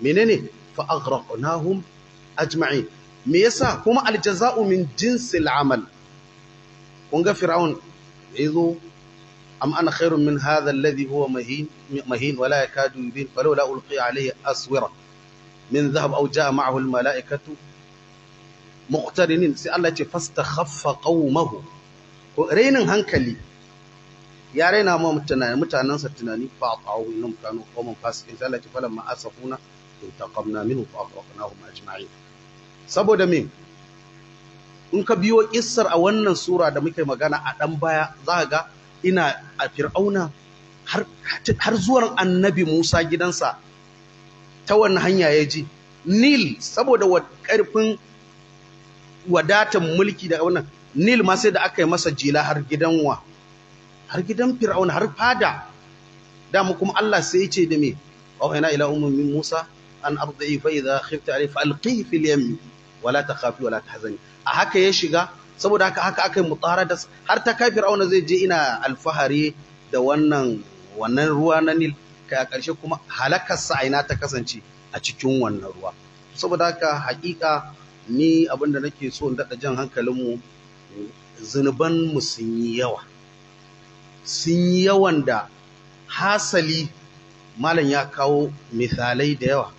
menene fa aghraqnahum ajma'in me yasa kuma aljaza'u min jinsil amal kun ga fir'aun yazo am ana khairun min hadha alladhi huwa mahin mahin wala yakadu yubin falawla ulqi alayhi aswira min dhahab aw jaa ma'ahu almala'ikatu muqtarinin sai Allah ce fastakhaffa qaumahu ko rainin hankali ya raina ma sa tunani fa ta'awu innahum kanu qauman fasiqin sai Allah ce ma asafuna intaqamna minhu fa aghraqnahum ajma'in saboda min in ka biyo kissar a wannan sura da muke magana a dan baya za ka ga ina a fir'auna har zuwan annabi musa gidansa ta wani hanya ya ji nil saboda karfin wadatan mulki da wannan nil ma sai da aka yi masa jila har gidan wa har gidan fir'auna har fada dama kuma allah sai ya ce da me wahayna ila ummi musa an ardi fa idha khifta alayhi fa fil yammi wala ta kafi wala ta hazani a haka ya shiga saboda haka haka aka yi da har ta kafir auna zai je ina alfahari da wannan wannan ruwa na nil kai a ƙarshe kuma halakarsa a ina ta kasance a cikin wannan ruwa saboda haka haƙiƙa ni abin da nake so in daɗa jan hankalinmu mu sun yi yawa sun yi yawan da hasali malam ya kawo misalai da yawa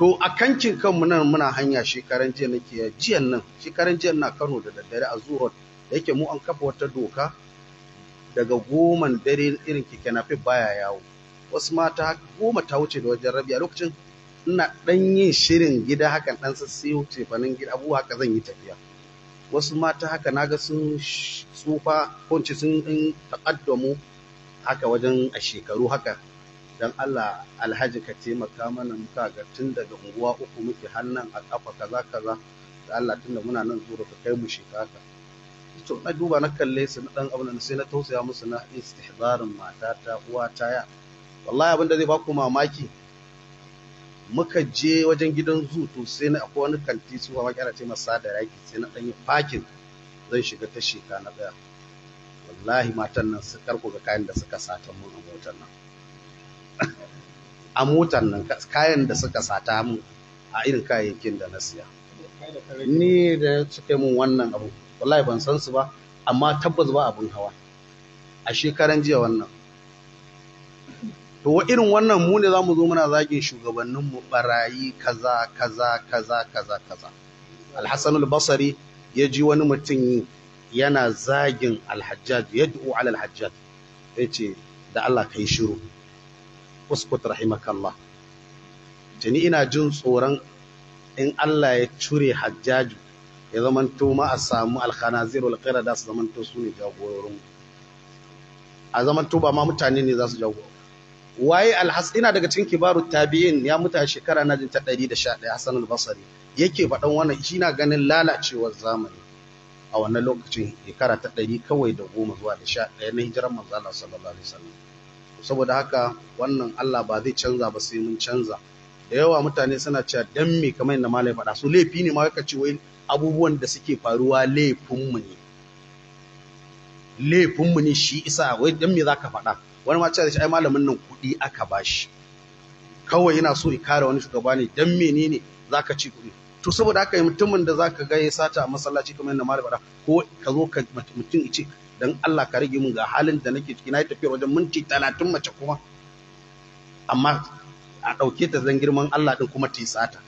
to a kankin kanmu nan muna hanya shekaran jiya nake jiyan nan shekaran jiya na Kano da daddare a zuwan da yake mu an kafa wata doka daga goman dare irin keke nafi baya yawo wasu mata goma ta wuce da wajen rabi a lokacin ina dan yin shirin gida hakan dan sassiyo cefanin gida abubuwa haka zan yi tafiya wasu mata haka naga sun tsufa ko sun ɗin taƙaddamu haka wajen a shekaru haka dan Allah alhaji ka taimaka mana muka ga tun daga unguwa uku muke hannun a kafa kaza kaza da Allah tun da muna nan zuwa ka kai mu shekaka to na duba na kalle su na dan abun sai na tausaya musu na istihbarin matata uwa taya wallahi abin da zai baku mamaki muka je wajen gidan zu to sai na akwai wani kanti su ba makara ce masa da raki sai na dan yi fakin zan shiga ta sheka na daya wallahi matan nan su karko ga kayan da suka sata mun a motar nan a motar nan kayan da suka sata mu a irin kayayyakin da na siya ni da suke mun wannan abu wallahi ban san su ba amma tabbas ba abin hawa a shekaran jiya wannan to irin wannan mu ne za mu zo muna zagin shugabanninmu barayi kaza kaza kaza kaza kaza alhassan albasari ya ji wani mutum yana zagin alhajjaj ya du'u alal hajjaj ya ce da allah ka yi shiru uskut rahimakallah tuni ina jin tsoron in Allah ya cure hajjaju ya zamanto ma a samu alkhanazir alkhaira da su zamanto su ne jagororin a zamanto ba ma mutane ne za su jagoro waye alhas ina daga cikin kibaru tabi'in ya muta shekara na jin ta 111 Hassan al-Basri yake faɗan wannan shi na ganin lalacewar zamani a wannan lokacin shekara ta 100 kawai da goma zuwa da 11 na hijiran manzo Allah sallallahu alaihi wasallam saboda haka wannan Allah ba zai canza ba sai mun canza da yawa mutane suna cewa dan me kamar yadda malai faɗa su laifi ne ma kaka ce wai abubuwan da suke faruwa laifinmu ne laifinmu ne shi isa wai dan me zaka faɗa wani ma cewa ai malamin nan kuɗi aka bashi kawai yana so ya kare wani shugaba ne dan menene zaka ci kuɗi to saboda haka mutumin da zaka ga ya sata a masallaci kamar yadda malai faɗa ko ka zo ka mutum ya ce dan Allah ka rage mun ga halin da nake ciki na yi tafiya wajen minti talatin mace kuma amma a ɗauke ta zan girman Allah ɗin kuma ta yi sata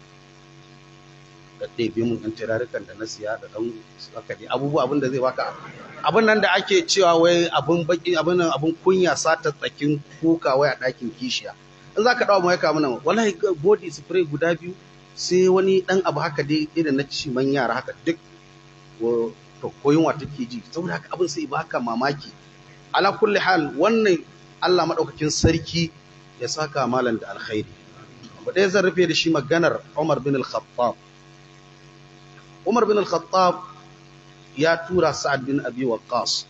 da ɗebe mun ɗan turarukan da na siya da ɗan haka dai abubuwa abin da zai baka abin nan da ake cewa wai abin baki abin nan abin kunya sata tsakin kuka wai a ɗakin kishiya in za ka ɗawa mai kama mana wallahi body spray guda biyu sai wani ɗan abu haka dai irin na ciman yara haka duk to ko yunwa take ji saboda haka abin sai baka mamaki ala kulli hal wannan Allah madaukakin sarki ya saka malam da alkhairi ba dai zan rufe da shi maganar Umar bin al-Khattab Umar bin al-Khattab ya tura Sa'ad bin Abi Waqqas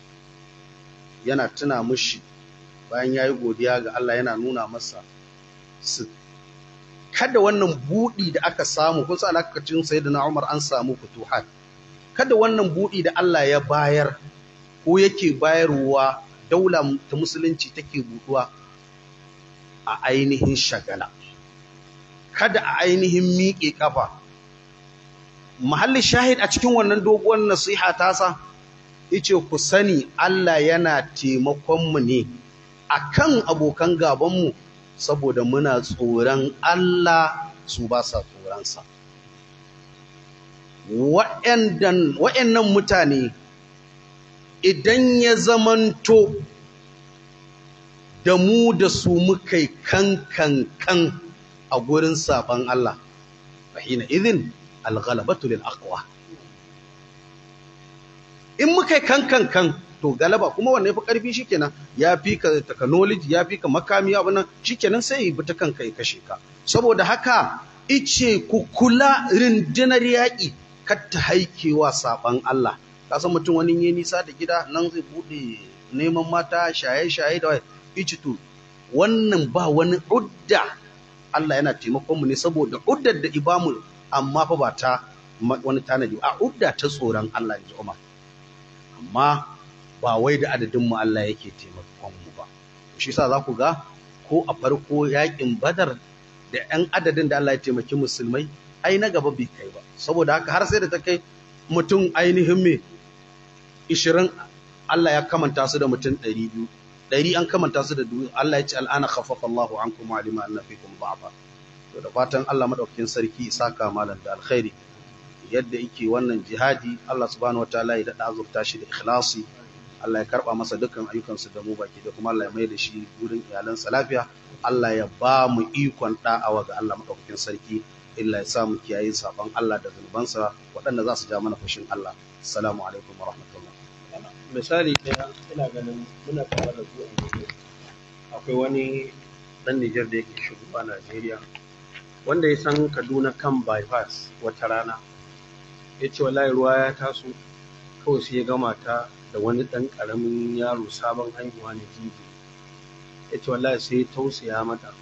yana tuna mushi bayan yayi godiya ga Allah yana nuna masa su kada wannan buɗi da aka samu kun sa alakacin sai da na umar an samu futuhat kada wannan buɗi da Allah ya bayar ko yake bayarwa daula ta musulunci take buɗuwa a ainihin shagala kada a ainihin miƙe ƙafa mahalli shahid a cikin wannan doguwar nasiha tasa yace ku sani Allah yana taimakon mu ne kan abokan gabanmu saboda muna tsoron Allah su ba sa tsoronsa wa'annan mutane idan ya zamanto da mu da su muka yi kankankan a gurin saban Allah fahina idin alghalabatu lil aqwa in muka yi kankankan to galaba kuma wanne fi karfi shikenan ya fi ka technology ya fi ka makami abu nan shikenan sai bi ta kanka ya kashe ka saboda haka ice ku kula rindinar yaƙi katta haikewa saban Allah kasan mutum wani ya nisa da gida nan zai bude neman mata shaye-shaye da ici to wannan ba wani udda Allah yana taimakon mu ne saboda uddar da ibamu amma fa ba ta wani tanadi a udda ta tsoron Allah ya Umar amma ba wai da adadin mu Allah yake taimakon mu ba shi yasa za ku ga ko a farko yaƙin badar da 'yan adadin da Allah ya taimaki musulmai ai na gaba bai kai ba saboda haka har sai da ta kai mutum ainihin me ishirin Allah ya kamanta su da mutum ɗari biyu ɗari an kamanta su da dubu Allah ya ce al'ana khaffafa Allahu an kuma alima an nafi to da fatan Allah madaukakin sarki saka malam da alkhairi yadda yake wannan jihadi Allah subhanahu wataala ya dada azurta shi da ikhlasi Allah ya karba masa dukkan ayyukansu da mu baki da kuma Allah ya mai da shi wurin iyalansa lafiya Allah ya ba mu ikon da'awa ga Allah madaukakin sarki illa ya samu kiyaye sabon Allah da zunubansa waɗanda za su ja mana fushin Allah assalamu alaikum wa rahmatullah misali ɗaya ina ganin muna tare da zuwa akwai wani ɗan Nijar da yake shugaba Najeriya wanda ya san Kaduna kan bypass wata rana ya ce wallahi ruwa ya taso kawai sai ya gama ta da wani ɗan ƙaramin yaro sabon haihuwa ne jibi ya ce wallahi sai ya tausaya mata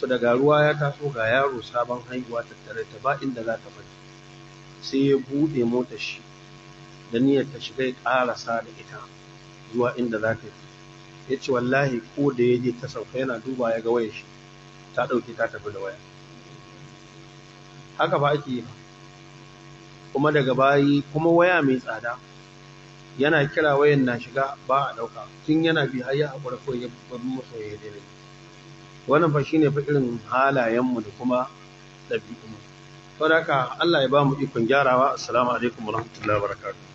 su daga ruwa ya taso ga yaro sabon haihuwa tattare ta ba inda za ta bari, sai ya buɗe motar shi da niyyar ta shiga ya ƙarasa da ita zuwa inda za ta yi ya ce wallahi ko da ya je ta sauka yana duba ya ga wayar shi ta ɗauke ta tafi da waya haka ba ake yi ba, kuma daga bayi kuma waya mai tsada yana kira wayan na shiga ba a ɗauka tun yana bi har ya haƙura ko ya bar masoyi ya daina wannan fa shine fa irin halayen mu da kuma ɗabi'u mu saboda haka Allah ya ba mu ikon gyarawa assalamu alaikum warahmatullahi wabarakatuh